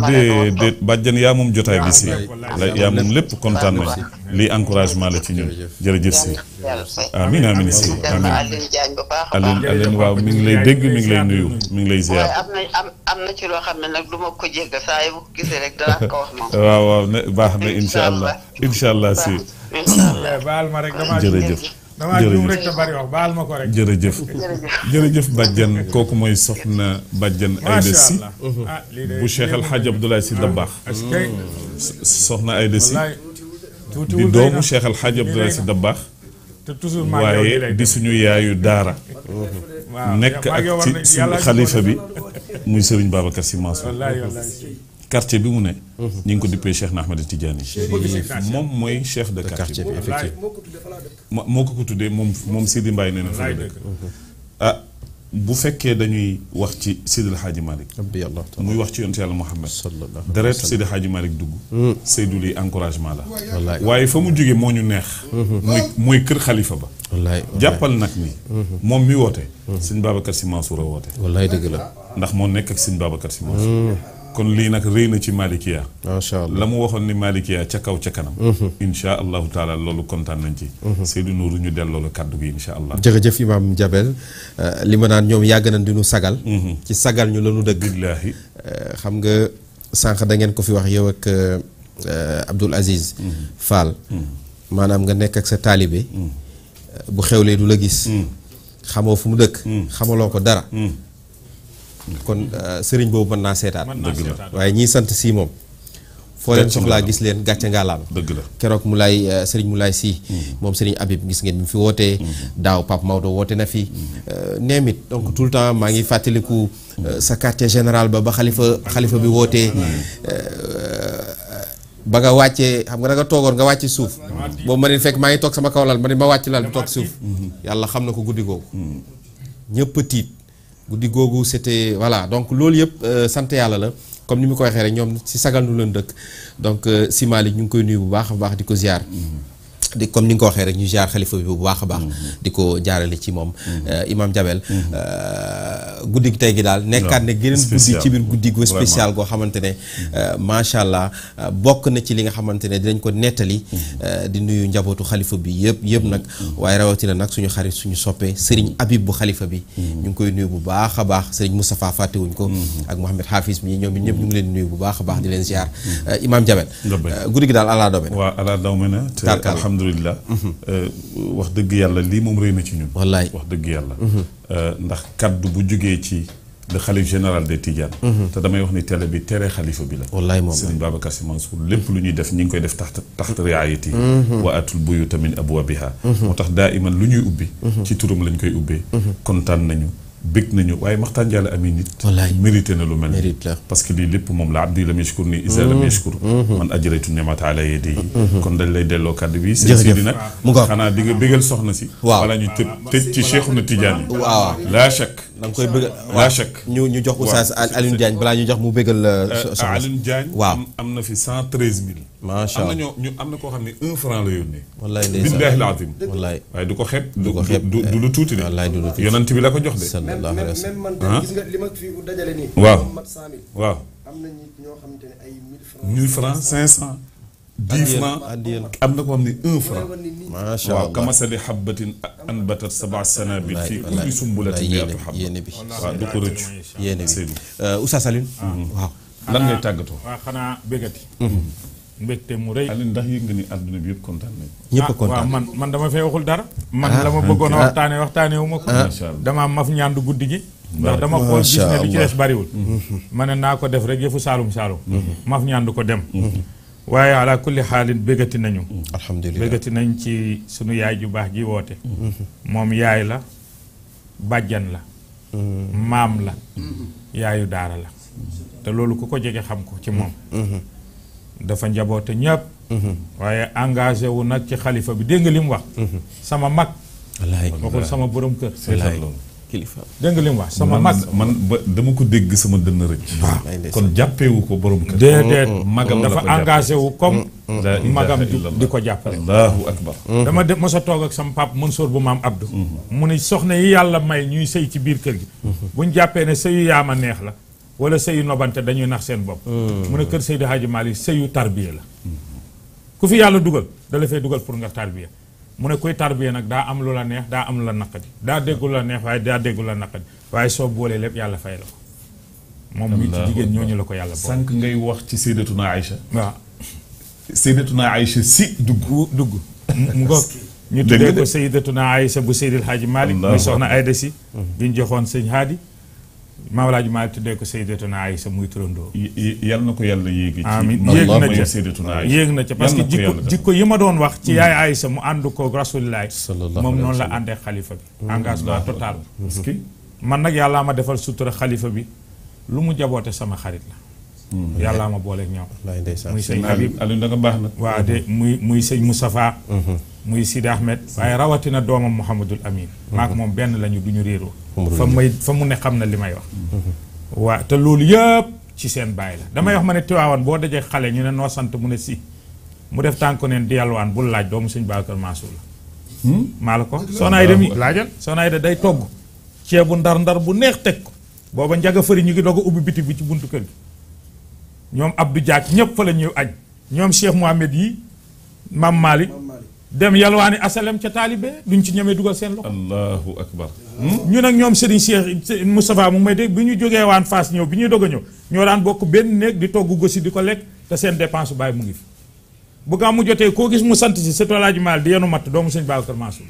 déedéet bàjjan yaa moom jotaay bi si yaa moom lépp kontaan nañ lii encouragement la ci ñun jërëjëf si amin amin si amin Alioune Alioune waaw mi ngi lay dégg mi ngi lay nuyu mi ngi lay ziar am na am na ci loo xam ne nag du ma ko jéggal saa yu gisee rek danaa ko wax moom waaw waaw ne baax na incha allah incha allah si eh, baal ma rek dama jërëjëf damaa juum rek te bari wax baal ma ko rek jërëjëf jërëjëf bàjjan kooku mooy soxna bàjjan Aïda Sy ah, bu Cheikh El Hadj Abdoulaye Sy Dabakh soxna Aïda Sy di doomu Cheikh Al Hadj Abdoulaye Sy Dabakh waaye di suñu yaayu daara nekk ak ci suñu xalifa bi (laughs) muy Serigne Babacar Sy Mansour quartier bi mu ne mhm. ñu ngi ko dippee Cheikh na Ahmed Tidiane moom mooy chef de quartier bi moo ko ko tuddee moom moom Sidi Mbaye nee na fa dëkk bu fekkee dañuy wax ci Seydil Hadji Malick muy wax ci yonte yàlla Mouhamed deret Seydil Hadji Malick dugg Seydou lii encouragement la waaye fa mu jóge moo ñu neex muy mooy kër xalifa ba jàppal nag ni moom mi woote sëñ Babacar Sy Mansour a woote wallaay dëgg la ndax moo nekk ak sëñ Babacar Sy Mansour kon lii nag rëy na ci Malikia. la mu waxoon ni Malikia ca kaw ca kanam. Mhm. incha allahu taala loolu kontaan nañ ci. Mhm. Seydou Nourou ñu delloo la kaddu gi incha allah. jërëjëf Imaam Jabel euh, li ma naan ñoom yàgg nañ dinu nu sagal. Mhm. ci sagal ñu la nu euh, xam nga sànq dangeen ko fi wax yow ak euh, Abdoul Aziz. Fall. maanaam nga nekk ak sa taalibe. bu xewlee du la gis. xamoo fu mu dëkk. xamaloo ko dara. kon euh, sëriñ boobu man naa seetaat. waaye ñii sant si moom. foo leen soxlaa gis leen gàcce ngaalaam dëgg la keroog mu laay euh, sëriñ mu laay si. Mm-hmm. moom sëriñ Habib gis ngeen bi mu fi wootee. Mm-hmm. daaw Pape Maodo woote na fi. Mm-hmm. Euh, neem it donc tout le temps maa ngi fàttaliku. sa quartier général ba ba xalifa xalifa bi wootee. ba nga wàccee xam nga da nga toogoon nga wàcce suuf. boobu ma ne fekk maa ngi toog sama kaw lal ma ne ma wàcc lal bi toog suuf. yàlla xam na ko guddi googu. ñëpp tiit. guddi googu c'était voilà donc loolu yëpp euh, sant yàlla la comme ni mu koy waxee rek ñoom si sagal nu leen dëkk donc euh, si Malick ñu ngi koy nuyu bu baax a baax di ko ziar. Mm-hmm. di comme ni nga ko waxee rek ñu jaar xalifa bi bu baax a baax. Mm-hmm. di ko jaarale ci moom. Mm-hmm. Euh, Imam Jabel. Mm-hmm. Euh, guddi gi tey gi daal nekkaat ne geneen ci biir guddi gu spécial goo xamante ne euh, macha allah bokk na ci li nga xamante ne dinañ ko nettali. di nuyu njabootu xalifa bi yëpp yëpp nag waaye rawatina nag suñu xarit suñu soppee Serigne Habib bu xalifa bi. ñu ngi koy nuyu bu baax a baax Serigne Moustapha fàttewuñ ko. ak Mouhamed Hafiz mi ñoom ñëpp ñu leen nuyu bu baax a baax di leen ziar Imam Jabel. guddi gi daal alhamdulilah. Euh, wax dëgg yàlla lii moom réy na ci ñun. wallaay wax dëgg yàlla. Mhm. Euh, ndax kaddu bu jógee ci le xalif général des Tidiane. Mhm. te damay wax ni télé bi tere xalifa bi la. wallaay moom Serigne Babacar Sy Mansour lépp lu ñuy def ñi ngi koy def taxt taxt riayati mhm. wa atul buyuta min abwabiha moo tax daa iman lu ñuy ubbi. ci turam lañ koy ubbee. kontaan nañu. بيك نيو واي مختان جال امي نيت والله ميريتي نلو مل ميريت لا باسكو لي ليب لا عبدي اذا لم يشكر من اجريت النعمه على يدي كون دا لي ديلو كاد بي سي سيدي نا خانا ديغي بيغل ولا ني تيت شيخنا لا شك da koy bëgg la chèque ñu ñu jox oustaz alin Diagne balaa ñu jox mu bëggal euh, euh, soxna Alioune Diagne waaw am na fi cent treize mille macha allah am na ñoo ñu am na koo xam ne un franc la yónnee wallaay ndeysaan waaye du ko xeeb du ko xeeb du lu tuuti de wallaay du lu tuuti yonent bi la ko jox de sallallahu alayhi wa sallam waaw waaw am na ñoo xam ne ay mille francs cinq cent dix francs am na ko xam ne un franc macha allah waaw kamasali xabbatin anbatat sabaa sanabil fii kulli sumbulatin miatu xabba yéene bi waaw du ko rëccu yéene bi Oustaz Alioune waaw lan ngay tàggatoo waaw xanaa bégati mbégte mu rëy Alioune ndax yëg nga ni àdduna bi yëpp kontaan nañ ñëpp kontaan waaw man man dama fee waxul dara man la ma bëggoon a waxtaane waxtaane wu ma ko damaa maf ñaandu guddi gi ndax dama xool gis ne li ci des bariwul ma ne naa ko def rek yëfu saalum saalum maf ñaandu ko dem waaye ala kulli xaalin béggati nañu. alhamdulilah béggati nañ ci sunu yaay ju baax ji woote. moom yaay la bàjjan la. maam la. yaayu daara la. te loolu ku ko jege xam ko ci moom. dafa njaboote ñëpp. waaye engagé wu nag ci xalifa bi dégg nga li mu wax. Mhm. sama mag. waxul sama borom kër. kilifa dégg nga wax sama mag man dama ko dégg sama dënn rëcc waaw ah, kon jàppewu ko borom kër déedéet mm, mm, magam dafa engagé wu comme mm, magam di ko jàppale allahu akbar dama def mos a toog ak sama pap Mansour bu maam Abdou mm-hmm. mu soxna yi yàlla may ñuy sëy ci biir kër gi mm-hmm. buñ jàppee ne sëyu yaama neex la wala sëyu nobante dañuy nax seen bopp mu ne kër Seydi Hadji Malick sëyu tarbiya la mm-hmm. ku fi yàlla dugal dala fee dugal pour nga tarbiya mu ne kuy tarbiya nag daa am lu la neex daa am lu la naqadi daa déggu la neex waaye daa déggu la naqadi waaye soo boolee lépp yàlla fay la ko moom mi ci jigéen ñooñu la ko yàlla boole sànq ngay wax ci Seydatuna Aïcha waaw Seydatuna Aïcha si dugg dugg mu ngoog ñu tuddee ko naa Aïcha bu Seydil xaaji Malick muy soxna Aïda si mhm. bi ñu joxoon sëñ Haadi Maam Alaaji Maalik tuddee ko Sayyidatuna Aysa muy turandoo. yal na ko yàlla yéegi. amiin yéeg na ca yéeg na ca parce que jikko jikko yi ma doon wax. ci mm. yaay Aysa mu ànd ko Rasulilaay. moom noonu la àndee xalifa bi. Mm. engagement total. man nag yàllaa ma defal sutura xalifa bi lu mu jaboote sama xarit la. Mm. yàllaa ma booleeg ñaw muy sëñ Habib Aliou da nga baax na. waa de muy muy sëñ Moustapha mm-hmm. muy Sidi Ahmed waaye rawatina doomam Mouhamadul Amin maak moom benn lañu duñu réeroo fa may fa mu ne xam na li may wax waa te loolu yëpp ci seen bàyyi la damay wax ma ne Tiwaawan boo dajee xale ñu ne noo sant mu ne si mu def tànk neen di yàlwaan bul laaj doomu sëñ Babacar Mansour la hmm? maa la ko Soxna Ayda mi laajal Soxna Ayda day togg ceebu ndar ndar bu neex teg ko booba njaga fëri ñu ngi doog a ubbi biti bi ci buntu kër gi ñoom Abdou Diak ñëpp fa la ñuy ñoom Cheikh Mohamed yi Mam dem yalwani asalem ci talibé duñ ci ñëmé duggal seen loxo allahu akbar ñu nak ñom Serigne Cheikh Moustapha mu may dégg biñu joggé waan face ñew biñu ñuy ñew a ñoo daan bokk ben néeg di toggu gosi diko lek lekk te seen dépense bay mu ngi fi bu ga mu jotee ko gis mu sant ci sa toolaaju mal di yenu do mu sëñ Babacar Mansour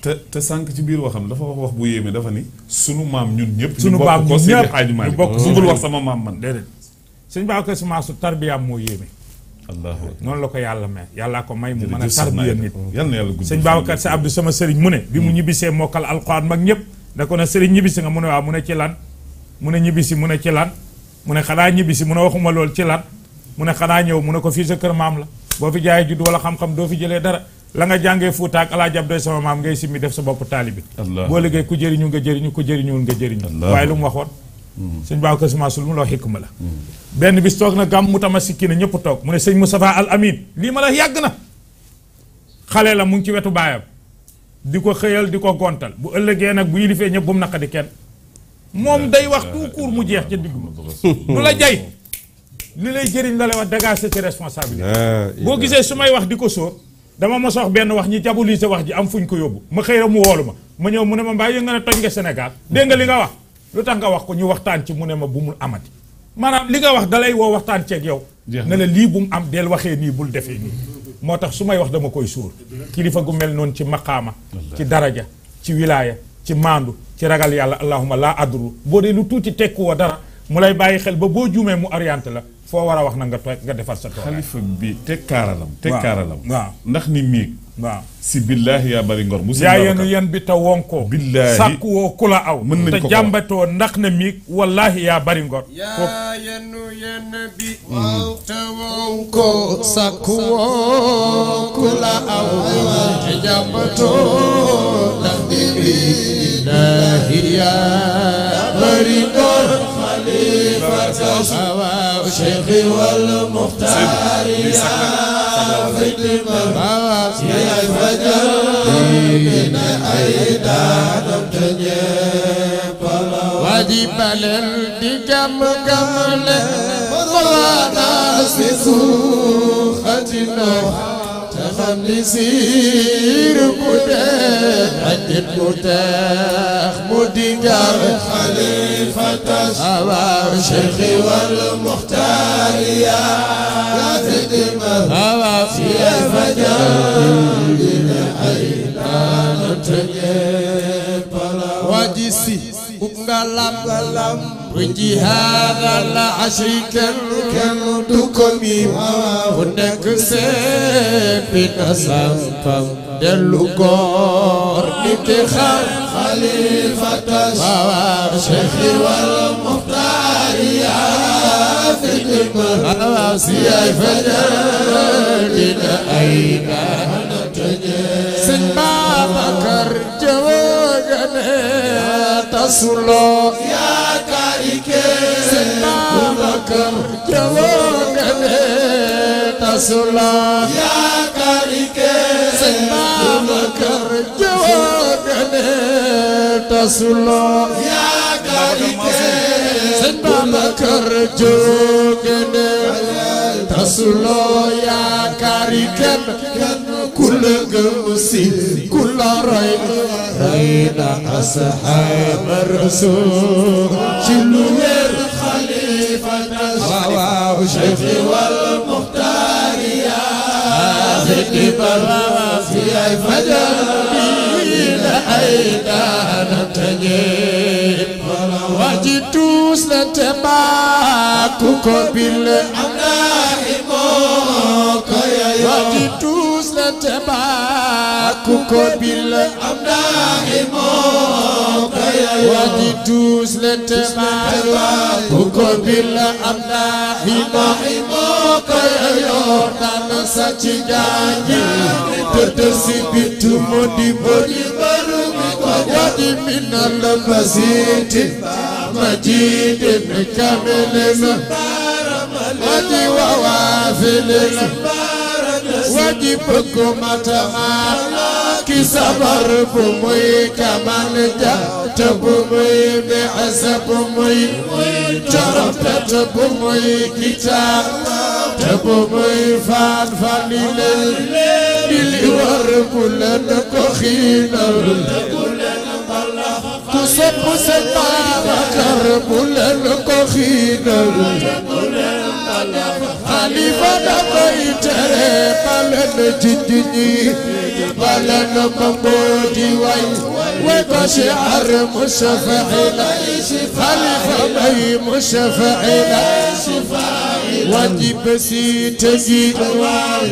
te te sank ci biir waxam dafa wax wax bu yéme dafa ni sunu mam ñun ñëpp ñu sunu maam ñun ñëpp ñu bokk wax sama mam man déedéet sëñ Babacar Mansour tarbiya mo yéme noonu la ko yàlla may yàllaa ko may mu mën a tarbiya nit oh, sëñ Babacar Sy Abdou sama sëriñ mu ne bi mu hmm. ñibbisee mokkal alxuraan mag ñëpp da ko ne sëriñ ñibbisi nga mu ne waaw mu ne ci lan mu ne ñibbisi mu ne ci lan mu ne xanaa ñibbisi mu ne waxuma lool ci lan mu ne xanaa ñëw mu ne ko fii sa kër maam la boo fi jaayee judd wala xam-xam doo fi jëlee dara la nga jàngee Fuuta ak Alaaji Abdoy sama maam ngay simmi def sa bopp taalibi boo liggéey ku jëriñu nga jëriñu ku jëriñuwul nga jëriñu waaye lu mu waxoon seigne baaw kër semence lu mu la wax la benn bis tok na gam mutama sikki mu al Amin li ma la yàgg na xale la mu ngi ci wetu bayam diko xeyal diko gontal bu ëllëgee nak bu yilifee ñëpp bu mu naqadi ken mom day wax tout court mu jeex ci digg lu la jay li lay jëriñ la lay wax daga ci responsabilité bo gisee sumay wax di so dama ma sox ben wax ñi jabulise wax ji am fuñ ko yobbu ma xeyra mu ma ñew mu ne ma nga na nga Sénégal nga li nga wax lu tax nga wax ko ñu waxtaan ci mu ne ma bu mu amati maanaam li nga wax dalay woo waxtaan ceeg yow ne la lii bu mu am del waxee nii bul defee nii moo tax su may wax dama koy suur kilifa gu mel noonu ci maqaama ci daraja ci wilaaya ci maandu ci ragal yàlla allahuma laa adru boo dee lu tuuti tekku wa dara mu lay bàyyi xel ba boo juumee mu orienté la foo war a wax na nga toog nga defar sa tool. xalifa bi te kaaralam. te teg kaaralam. waaw ndax ni miig. waaw si billahi yaa bari ngor. musu yaa yenu yen bi te wonkoo. billahi sakku woo ku la aw. mën nañ ko te jàmbatoo ndax na miig wallahi yaa bari ngor. yaa yenu yen bi. waaw te wonkoo. sàkk woo ku la aw. te jàmbatoo ndax ni miig. billaahi yaa bari ngor. خليفة الشيخ والمختار يا فتمة يا فجر من أيدان تجيب واجب للدكم كمل ورانا سسوخة نوح xam ni siir mu dee xajjit mu teex mu dingal xalifatas awaaw cheikhi wal muxtaar yaa fi dimbal awaaw si fajal dina ay daanante ñepp la waji si nga lam وجهاد العشر كم كم دكمي هناك سيف نصفم دلقور نتخر خليفة الشيخ والمختار يا فكر يا فجر لنا أين سن بابا كرجوه yaa tasuloo yaa karike Bubakar jawogale tasuloo yaa karike Bubakar jawogale tasuloo yaa karike Bubakar jawogale tasuloo yaa karike القوس كل ريب رين أصحاب الرسول شلو خليفة الشيخ شيخ والمختار يا خطب الرافي فجر لحيت أنا تجيب وجدت سنة باكو بالأملاح موكا يا يوم تباك كوبيل أمداه موكايا وادي توس لتباك كوبيل أمداه موكايا يوردان ساتيجاني تدسي بيتو مودي بودي برومي وادي من اللبزيتي مجيد من كامل وادي ووافل wajib ku matama ki sabar bu muy kamal ja te bu muy bi'as bu muy jarabet bu muy kitab te bu muy fan fanile li war ku len ko xinal ku sopp sa Babakar bu len ko xinal xalifa dafay tere baleen ci nit ñi baleen mamboo di way way ko si ar musafaxi la xalifa bay musafaxi la wàññi bési tëgi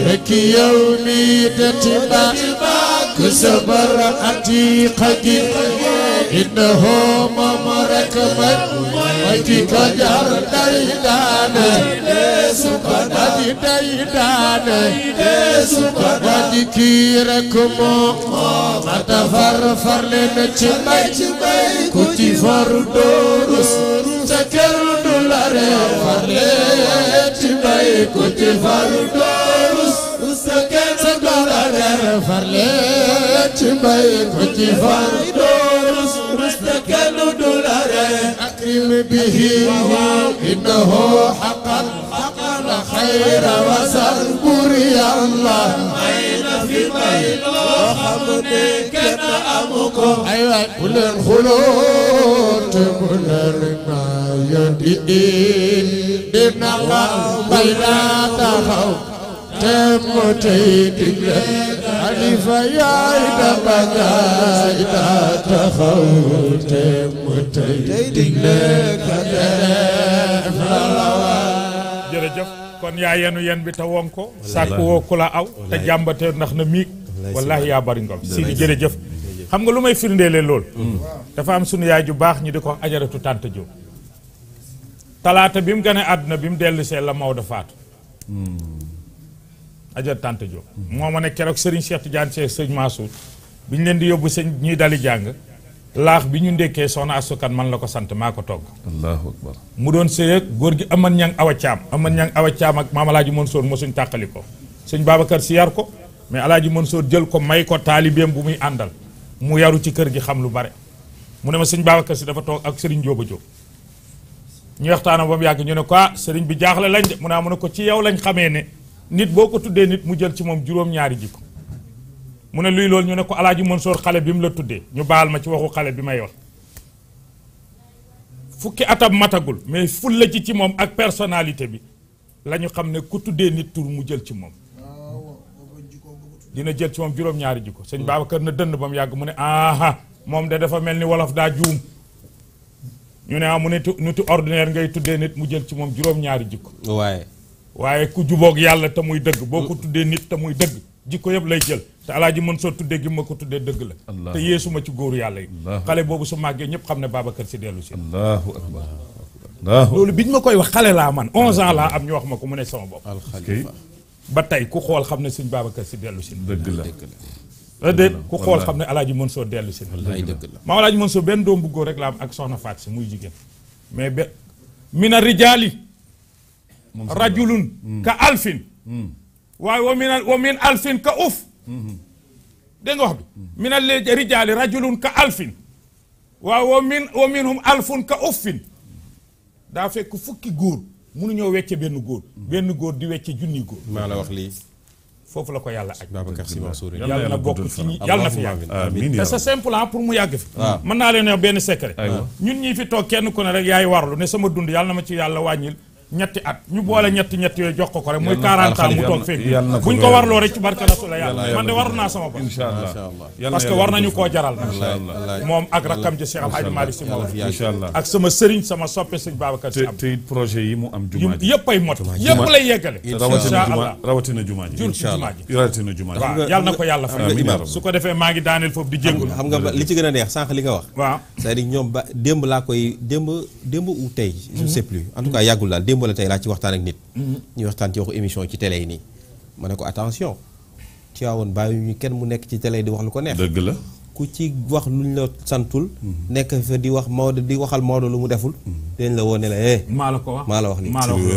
rekk yow mi dati ba ku sabar ati xagi إنه ممرك من ميتك جهر ديدان ودي ديدان ودي كيركم ما تفرفر لنجمي كنت فردورس تكر دولار فرلت بي كنت فردورس تكر دولار فرلت بي كنت فردورس رشدك ندل أكرم به إنه حقا حقا خير وسر يا الله أين في طيل وحمدك نعمكم أيوة كل الخلود كل الرماية دين دين الله بيناتهم تم تيدك jërëjëf kon yaa yenu yen bi te woon ko sàkk woo ku la aw te jàmbatee ndax na miig wallahi yaa bari ngom si di jërëjëf xam nga lu may firndeelee lool mm. dafa am sunu yaay ju baax ñu di ko ajaratu tànt Jóob talaata bi mu gane àdduna bi mu dellusee la Maodo faatu mm. Adja Tante Diop. moo ma ne keroog Serigne Cheikh Tidiane Cheikh maa Mansour bi ñu leen di yóbbu sëñ ñuy dali jàng laax bi ñu ndekkee soxna asukan man la ko sant maa ko togg. allahu akbar mu doon sëyeeg góor gi aman ñang awa caam. aman ñang awa caam ak maam Alaaji Mansour moo suñ tàqali ko sëñ Babacar si yar ko mais mën Mansour jël ko may ko taalibeem bu muy àndal mu yaru ci kër gi xam lu bare mu ne ma sëñ Babacar si dafa toog ak sëriñ Jóoba Jóob ñu waxtaanam ba mu yàgg ñu ne ko ah Serigne bi jaaxle lañ de mu ne ah mu ko ci yow lañ xamee ne. nit boo ko tuddee nit mu jël ci moom juróom-ñaari jikko mu ne luy loolu ñu ne ko mën Mansoor xale bi mu la tuddee ñu baal ma ci waxu xale bi ma wax fukki atam matagul mais fulla ci ci moom ak personnalité bi la ñu xam ne ku tuddee nit tur mu jël ci moom dina jël ci moom juróom-ñaari jikko sëñ kër na dënn ba mu yàgg mu ne aha moom de dafa mel ni wolof daa juum ñu ne ah mu ne nitu ordinaire ngay tuddee nit mu jël ci moom juróom-ñaari waaye waaye ku jubóog yàlla te muy dëgg boo ko tuddee nit te muy dëgg jikko yëpp lay jël te alaaji mën soo tuddee gi ma ko tuddee dëgg la te yeesuma ci góoru yàlla yi xale boobu su màggee ñëpp xam ne Babacar si dellu si allahu loolu bi ñu ma koy wax xale laa man onze ans laa am ñu wax ma ko mu ne sama bopp ba tey ku xool xam ne suñ Babacar si dellu si dëgg la déet eh, ku xool xam ne alaaji mën soo dellu si maam alaaji mën soo benn doom bu góor rek la am ak soxna Faat si muy jigéen mais be mina rijaali rajulun hmm. ka alfin hmm. waaye wa min wa min alfin ka uf hmm. dégg nga wax bi min al rijaali rajulun ka alfin waaw wa min wa minhum alfun ka uffin daa fekk fukki góor mënu ñoo wecce benn góor benn góor di wecce junni góor maa la wax lii foofu la yàlla na bokk ci yàlla na fi yàgg te c'est simple ah, pour mu yàgg fi ah. mën naa leen benn secret ñun ñii fi toog kenn ku ne rek yaay warlu ne sama dund yàlla na ma ci yàlla wàññil ñetti at ñu boole ñetti ñetti yooyu jox ko ko rek muy 40 ans mu toog fekk buñ ko warloo rek ci barke la yàlla man de war naa sama bopp parce que war nañu koo jaral moom ak rakkam ji si moom ak sama sëriñ sama soppe sëñ Babacar si am te yi mu am jumaa ji yëpp ay mot yëpp lay yeggale rawatina jumaa rawatina jumaa ji na ko yàlla fay su ko defee maa ngi daaneel foofu di jéggul xam nga li ci gën a neex sànq li nga wax waaw cest à ñoom ba démb laa koy démb démb ou tey je plus en tout cas yàggul daal tay la ci waxtan ak nit. Mm-hmm. ñuy waxtan ci waxu émission ci télé ni nii. ma ne ko attention. Tivaouane bàyyi ñu kenn mu nekk ci télé di wax lu ko neex. deug la ku ci wax luñ la santul. Mm-hmm. nekk fa di wax Maodo di waxal Maodo lu mu deful. Mm-hmm. dañ la woné la eh. mala ko wax mala wax ni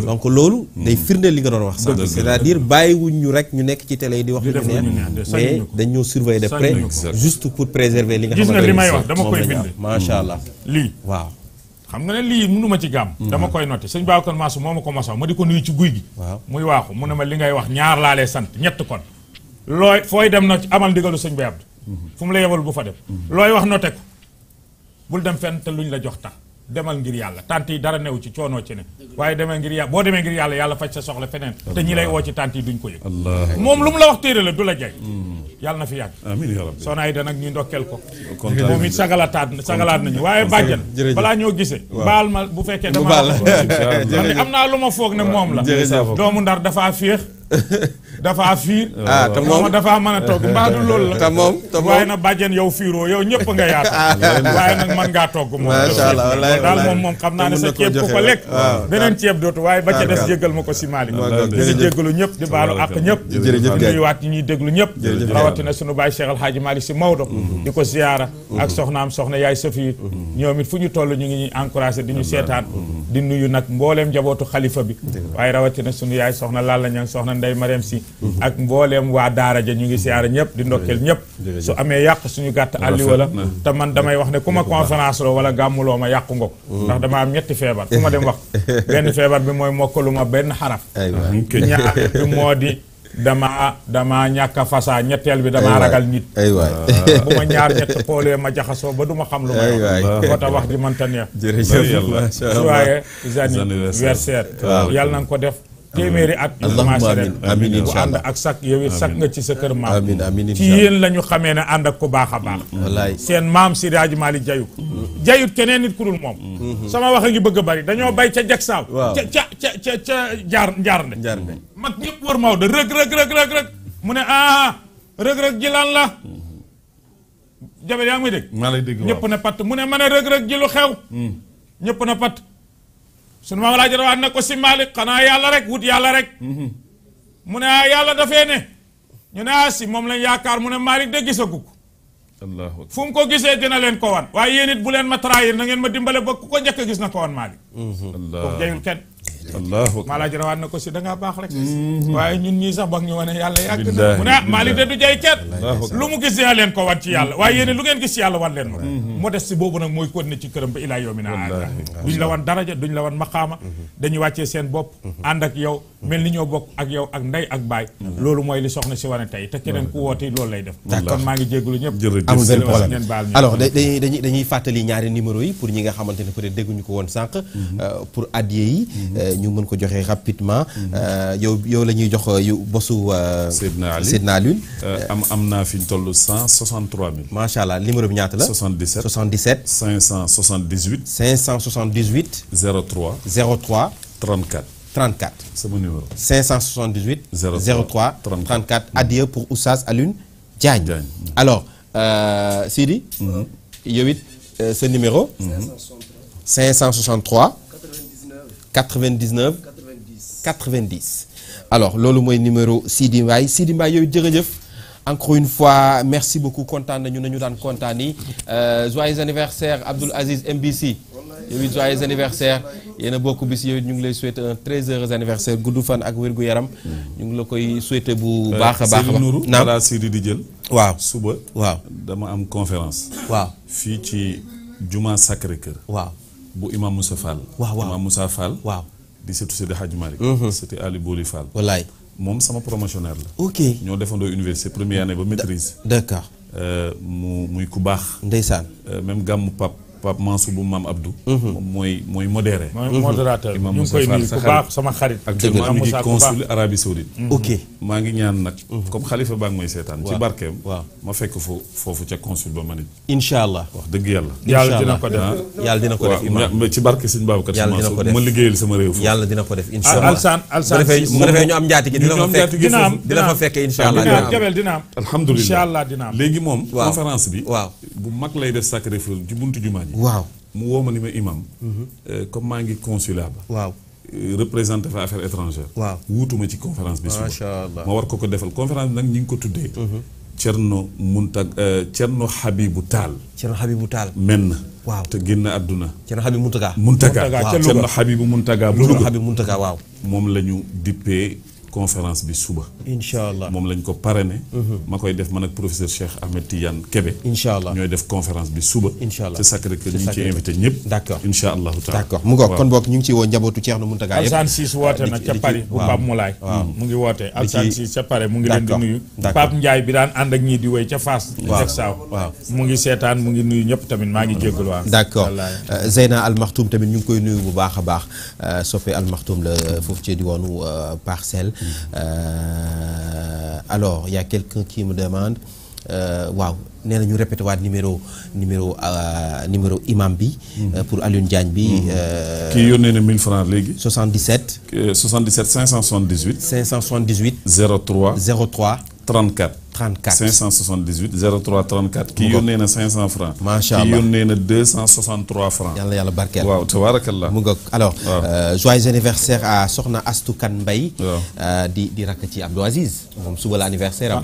donc lolu day firndeel li nga doon wax c'est-à-dire bàyyiwuñ ñu rek ñu nekk ci télé di wax. lu ñu neex mais dañoo surveiller de près. juste pour préserver li nga xamante ne gis nga li wax dama koy bind. macha allah li waaw. xam nga ne lii mënuma ci gàmm mm-hmm. dama koy noté sëñ Babacar Mansour moo ma ko mosaw ma di ko nuyu ci guy gi muy waaxu mu ne ma li ngay wax ñaar laa sant ñett kon looy fooy dem na amal ndigalu sëñ Baye Abdou mm-hmm. fu mu la yebal bu fa dem mm-hmm. looy wax noté ko bul dem fenn te ñu la jox tax demal ngir yàlla tant yi dara newu ci coonoo ci ne waaye demee ngir yàlla boo demee ngir yàlla yàlla faj sa soxla feneen te ñi lay woo ci tant yi duñ ko yëg moom lu mu la wax téere la du la jay hmm. yàlla na fi yàgg soxna Ayda nag ñu ndokkeel ko moom it sagalataat sagalaat nañu waaye bàjjan balaa ñoo gisee baal ma bu fekkee dama (laughs) am naa lu ma foog ne moom la doomu ndar dafaa féex dafa fiir. ah te moom dafa mën a togg mbaadu loolu la. te yow fiiroo yow ñëpp nga yaatu. Ah. waaye nag mën ngaa togg moom. allah daal moom moom xam naa ne sa ceeb ku ko lekk. Ah. beneen ceeb dootu waaye ba ca ah, des jéggal ma ko si Malick. di si jéggalu ñëpp di baalu àq ñëpp. jërëjëf Guèye nuyuwaat ñuy déglu ñëpp. jërëjëf rawatina sunu baay Cheikh Al Hadj Malick si Maodo. Mm-hmm. di ko si ziyaara. Mm-hmm. ak soxnaam soxna yaay Safi. Mm-hmm. ñoom fu ñu toll ñu ngi ñuy encouragé di ñu seetaan. di nuyu nag mbooleem njabootu xalifa bi. waaye rawatina sunu yaay soxna Lalla Ñang soxna nday mariam si ak mbollem wa dara ja ñu ngi siara ñep di ndokkeel ñep su amé yaq suñu gatt alli wala ta man damay wax ne kuma conférence lo wala gamulo ma yàqu nga mm. ndax dama am ñetti feebar kuma dem wax (laughs) ben feebar bi moy mokkaluma ben haraf ñaar bi moo di dama dama ñaka fasa ñettel bi dama ragal nit ay way (laughs) ma ñaar ñett polé ma jaxaso ba duma xam lu may moo tax wax jere mënta neex jërëjëf zani verset yalla nang ko def téeméeri at allahumma amin amin incha allah ànd ak sag yow it sag nga ci sa kër maam amin amin incha allah ci yéen la ñu xamee ne ak ku baax baax wallaay seen maam si rajo Malick jayut keneen nit ku dul mhm. sama wax a bëgg a bari dañoo bay ca jag saaw ca ca ca ca ca jaar njaarnde mag ñëpp mu ne ah rëg rëg ji lan la jabe yaa ngi may dégg lay deg ñëpp na patt mu ne ma ne rëg ji lu xew mm. sunu maam laa jarawaat na ko si Malick kanaa yàlla rek wut yàlla rek mhm. mu ne ah, yàlla dafee ne ñu ne ah si moom lañ yaakaar mu ne Malick de gisagu ko fu mu ko gisee dina leen ko wan waaye yéen it bu leen ma trahir na ngeen ma dimbale ba ku ko njëkk gis na ko wan Malick mhm. kooku jayul kenn allahu akbar Maalaji rawaat na ko si da ngaa baax rek. Mhm. waaye ñun ñii sax ba ñu wane yàlla yàgg na. mu ne ah, Maalik de du jay ket. leen ko wan yàlla mm-hmm. waaye yéen lu ngeen gis ci leen ma. Mm-hmm. modeste boobu nag mooy continuer ci këram ba ilaa yow mi naa aada. duñ la wan daraja duñ la wan maqaama. Mm-hmm. dañuy seen bopp. ànd ak yow mel ni ñoo bokk ak yow ak ndey ak baay. loolu mooy li soxna si wane tey te keneen ku woote loolu lay def. kon maa ngi jégalu ñëpp. jërëjëf amul benn problème alors dañuy dañuy fàttali ñaari numéro yi pour ñi nga xamante ne peut-être dégguñu ko woon sànq euh, pour addiye yi Nous euh, mën ko rapidement. Mm-hmm. Euh, yow yow lañuy jox euh, yu bosu. 163 000. numéro bi 77 77. 578. 578. 03. 03. 34. 34. c'est mon numéro. 578. 03 03 34. adieu pour Oussas Alune Diagne. Mm-hmm. Alors alors Sidi. ce mm-hmm. ce numéro. 563. 563. 99 90 alors lolo moy numéro Sidi Mbaye Sidi Mbaye yooyu encore une fois merci beaucoup de nañu nañu daan kontaan Euh joyeux anniversaire Abdoul Aziz MBC Yoy joyeux anniversaire Yena bokku beaucoup bis yoy ñu ngi lay souhaiter un très heureux anniversaire Goudou fan ak Wirgu yaram ñu ngi la koy souhaiter bu euh, baax baax naam Sidi di jël waaw suba waaw dama am conférence waaw Fi ci Juma Sacré Cœur waaw bu imam Moussa Fall. waaw waaw imam Moussa Fall. waaw di surtout Seydi Hadji Malick. Mhm. c'était Ali Bouli Fall. wallaay moom sama promotionnaire la. ok ñoo defandoo université première année ba maîtrise. d'accord euh, mu muy ku baax. ndeysaan. Euh, même gàmmu pap Pape Mansour bu maam Abdou. moom mooy mooy modéré. mooy modérateur ñu ngi koy nuyu ku baax sama xarit. ak dëgg la mu ngi consul Arabie Saoudite. Mhm. ok maa ngi ñaan nag. Mhm. comme waaw ma fekk fo ca consul wax dëgg yàlla. yàlla dina ko def ah. yàlla dina ko def imaam ci barke dina ko def ma liggéeyal sama ah, am njaatige dina fa fekk dina am dina fa fekk incha allah dina am dina am léegi moom conférence bi waaw bu mag lay def sacrifice ci buntu jumaa ji waaw mu woo ma ni ma imam mhm. euh, comme maa ngi consulat ba waaw euh, représenté fa affaires étrangères waaw wuutuma ci conférence bi suba ma war ko ko defal conférence bi nag ñi ngi ko tuddee mhm. Cerno Muntag euh, Cerno Habibu Taal. Cerno Habibu Taal. men na. waaw te génn àdduna. Cerno Habibu Muntaga. Muntaga waaw Cerno Habibu Muntaga bu Louga. Cerno Habibu Muntaga waaw. moom la ñu dippee conférence bi suba. incha allah moom lañ ko parrainé. ma koy def man ak professeur Cheikh Ahmed Tidiane Kébé. incha allah ñooy def conférence bi suba. incha allah ci Sacré Cœur ñu ngi ciy invité ñëpp. d' accord incha allahu taala. d' accord mu ngoog kon boog ñu ngi ciy woo njabootu Thierno Mountaga yëpp. Alsane Ciss woote na ca Paris bu Pape Moulay. mu ngi woote Alsane Ciss ca Paris mu ngi leen di nuyu. d' accord Pape Ndiaye bi daan ànd ak ñii di woy ca Fass. waaw waaw mu ngi seetaan mu ngi nuyu ñëpp tamit maa ngi jégalu waaw. d' accord euh, Zeyna Almakhtoum tamit ñu ngi koy nuyu bu baax a baax euh, soppe Almakhtoum la euh, foofu ci diwaanu parcelle Euh, alors, il y a quelqu'un qui me demande, waouh, nous numéro numéro euh, numéro hmm. euh, pour Alun Diagne Qui est 1000 francs 77. 77 578. 578. 03. 03. 34. 34 578 03 34. qui yónnee na 500 francs. qui allah kii na 263 francs. yalla yalla barkeel waaw tabaarakallah. mu alors euh, joyeux anniversaire à Soxna Astoukan Kane Mbaye. Euh, di di rakk ci suba la anniversaire am.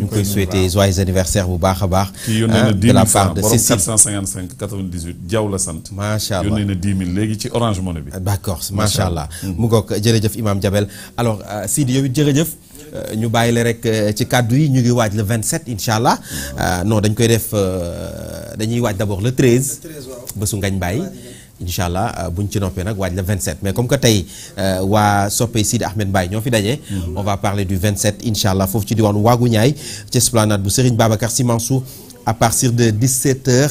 ñu koy souhaiter joyeux anniversaire bu baax a baax. kii yónnee na 10 euh, 000 francs 98 Diaw la sant. allah na 10 000 ci orange money bi. d' accord allah. Mm. mu ngoog Imam Diabel alors Sidi yow euh, ñu bayilé rek euh, ci cadeau yi ñu ngi waaj le 27 inshallah euh, non dañ koy def dañuy d'abord le 13. bésu ngañ bàyyi. incha allah buñ ci noppé nak le 27 mais comme que tay wa soppe Sidi Ahmed baye ñofi dajé mhm. on va parler du 27 inshallah fofu foofu ci diwaanu waagu ñaay ci esplanade bu Serigne Babacar simansou à partir de 17h.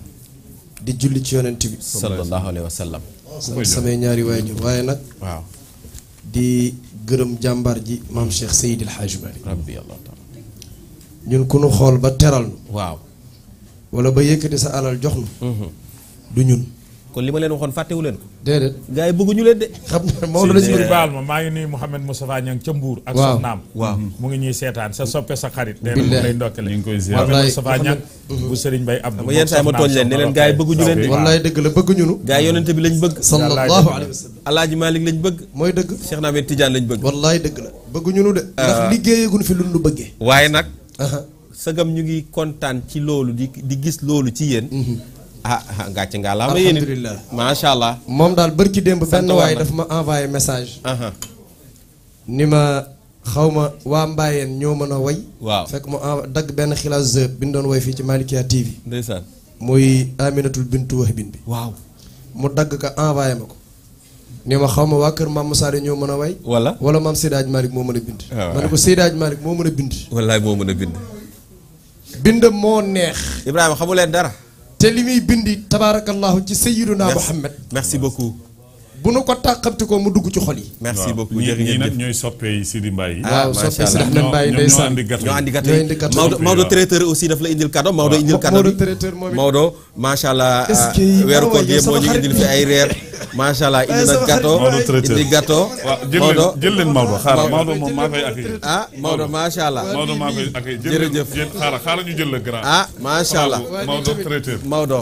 di julli ci yonent bi sallallahu alayhi wa sallam samay ñaari waajur waaye nag waaw di gërëm jàmbaar ji maam Cheikh Seydil Hadji Malick rabbi allah ñun ku nu xool ba teral nu ba yëkkati sa alal jox nu mhm. du ñun kon li ma leen waxoon fàttewu leen ko. déedéet gars yi bëgguñu leen de. xam nga Maodo la si baal ma maa ngi nuyu Mouhamed Moustapha Niang ca Mbour. ak soxnaam waaw mu ngi ñuy seetaan sa soppe sa xarit. nee na mu lay ndokkale ñu ngi koy ziar Mouhamed Moustapha Niang bu Serigne Baye Abdou. moom yenn saa ma tooñ leen ne leen gars yi bëgguñu leen de. wallaay dëgg la bëgguñu nu. gars yi yonente bi lañ bëgg. sallallahu alayhi wa sallam Alaaji Malick lañ bëgg. mooy dëgg Cheikh Ahmed Tidiane lañ bëgg. wallaay dëgg la bëgguñu nu de. Ah. ndax liggéeyaguñ fi lu nu bëggee. waaye nag. sagam ñu ngi kontaan ci loolu di di gis loolu ci yéen mhm. Ah, ah gàcce nga la ma yéen alhamdulilah macha allah. moom daal barki démb benn waaye dafa ma envoyé message. Ah, ah. ni ma xaw ma waa Mbayeen ñoo mën a way. waaw fekk mu dagg benn xilaas bi ñu doon way fii ci Malikia TV. ndeysaan muy Aminatul Bintu Wahbin bi. waaw mu dagg ko envoyé ma ko. ni ma xaw ma waa kër maam Moussa ñoo mën a way. wala wala maam Sidaaj Malick moo mën a bind. ma ne ko Sidaaj Malick moo mën a bind. wallaay moo mën a bind. bind moo neex. Ibrahima xamu dara. te li muy bindi tabaarakallaahu ci sayyiduna Muhammad merci beaucoup bu nu ko tàqamti ko mu dugg ci xol yi. merci beaucoup jërëjëf ñii nag ñooy soppee Sidi Mbaye yi. Ah, waaw soppee Sidi Mbaye ndeysaan ñoo andi gàtt yi Maodo Maodo traiteur aussi daf la indil cadeau Maodo indil cadeau bi Maodo macha allah. Ah, weeru ko gi moo ñu indil fi ay reer. macha allah indi na gâteau indi gâteau. Maodo jël leen Maodo xaaral Maodo moom maa koy accueillir. ah Maodo macha allah. Maodo maa koy accueillir jërëjëf jërëjëf xaaral xaaral ñu jël la grand. ah macha allah Maodo traiteur Maodo.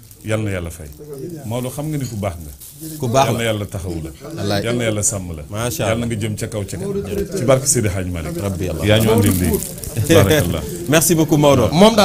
يلا يالا فاي مولو خم نغي كو باخ كو باخ يالنا يالا تخاو لا يالنا يالا سام لا ما شاء الله يالنا نغي جيم تي كاو تي كان تي بارك سيدي حاج مالك ربي الله يا ني وندي بارك الله ميرسي بوكو مولو موم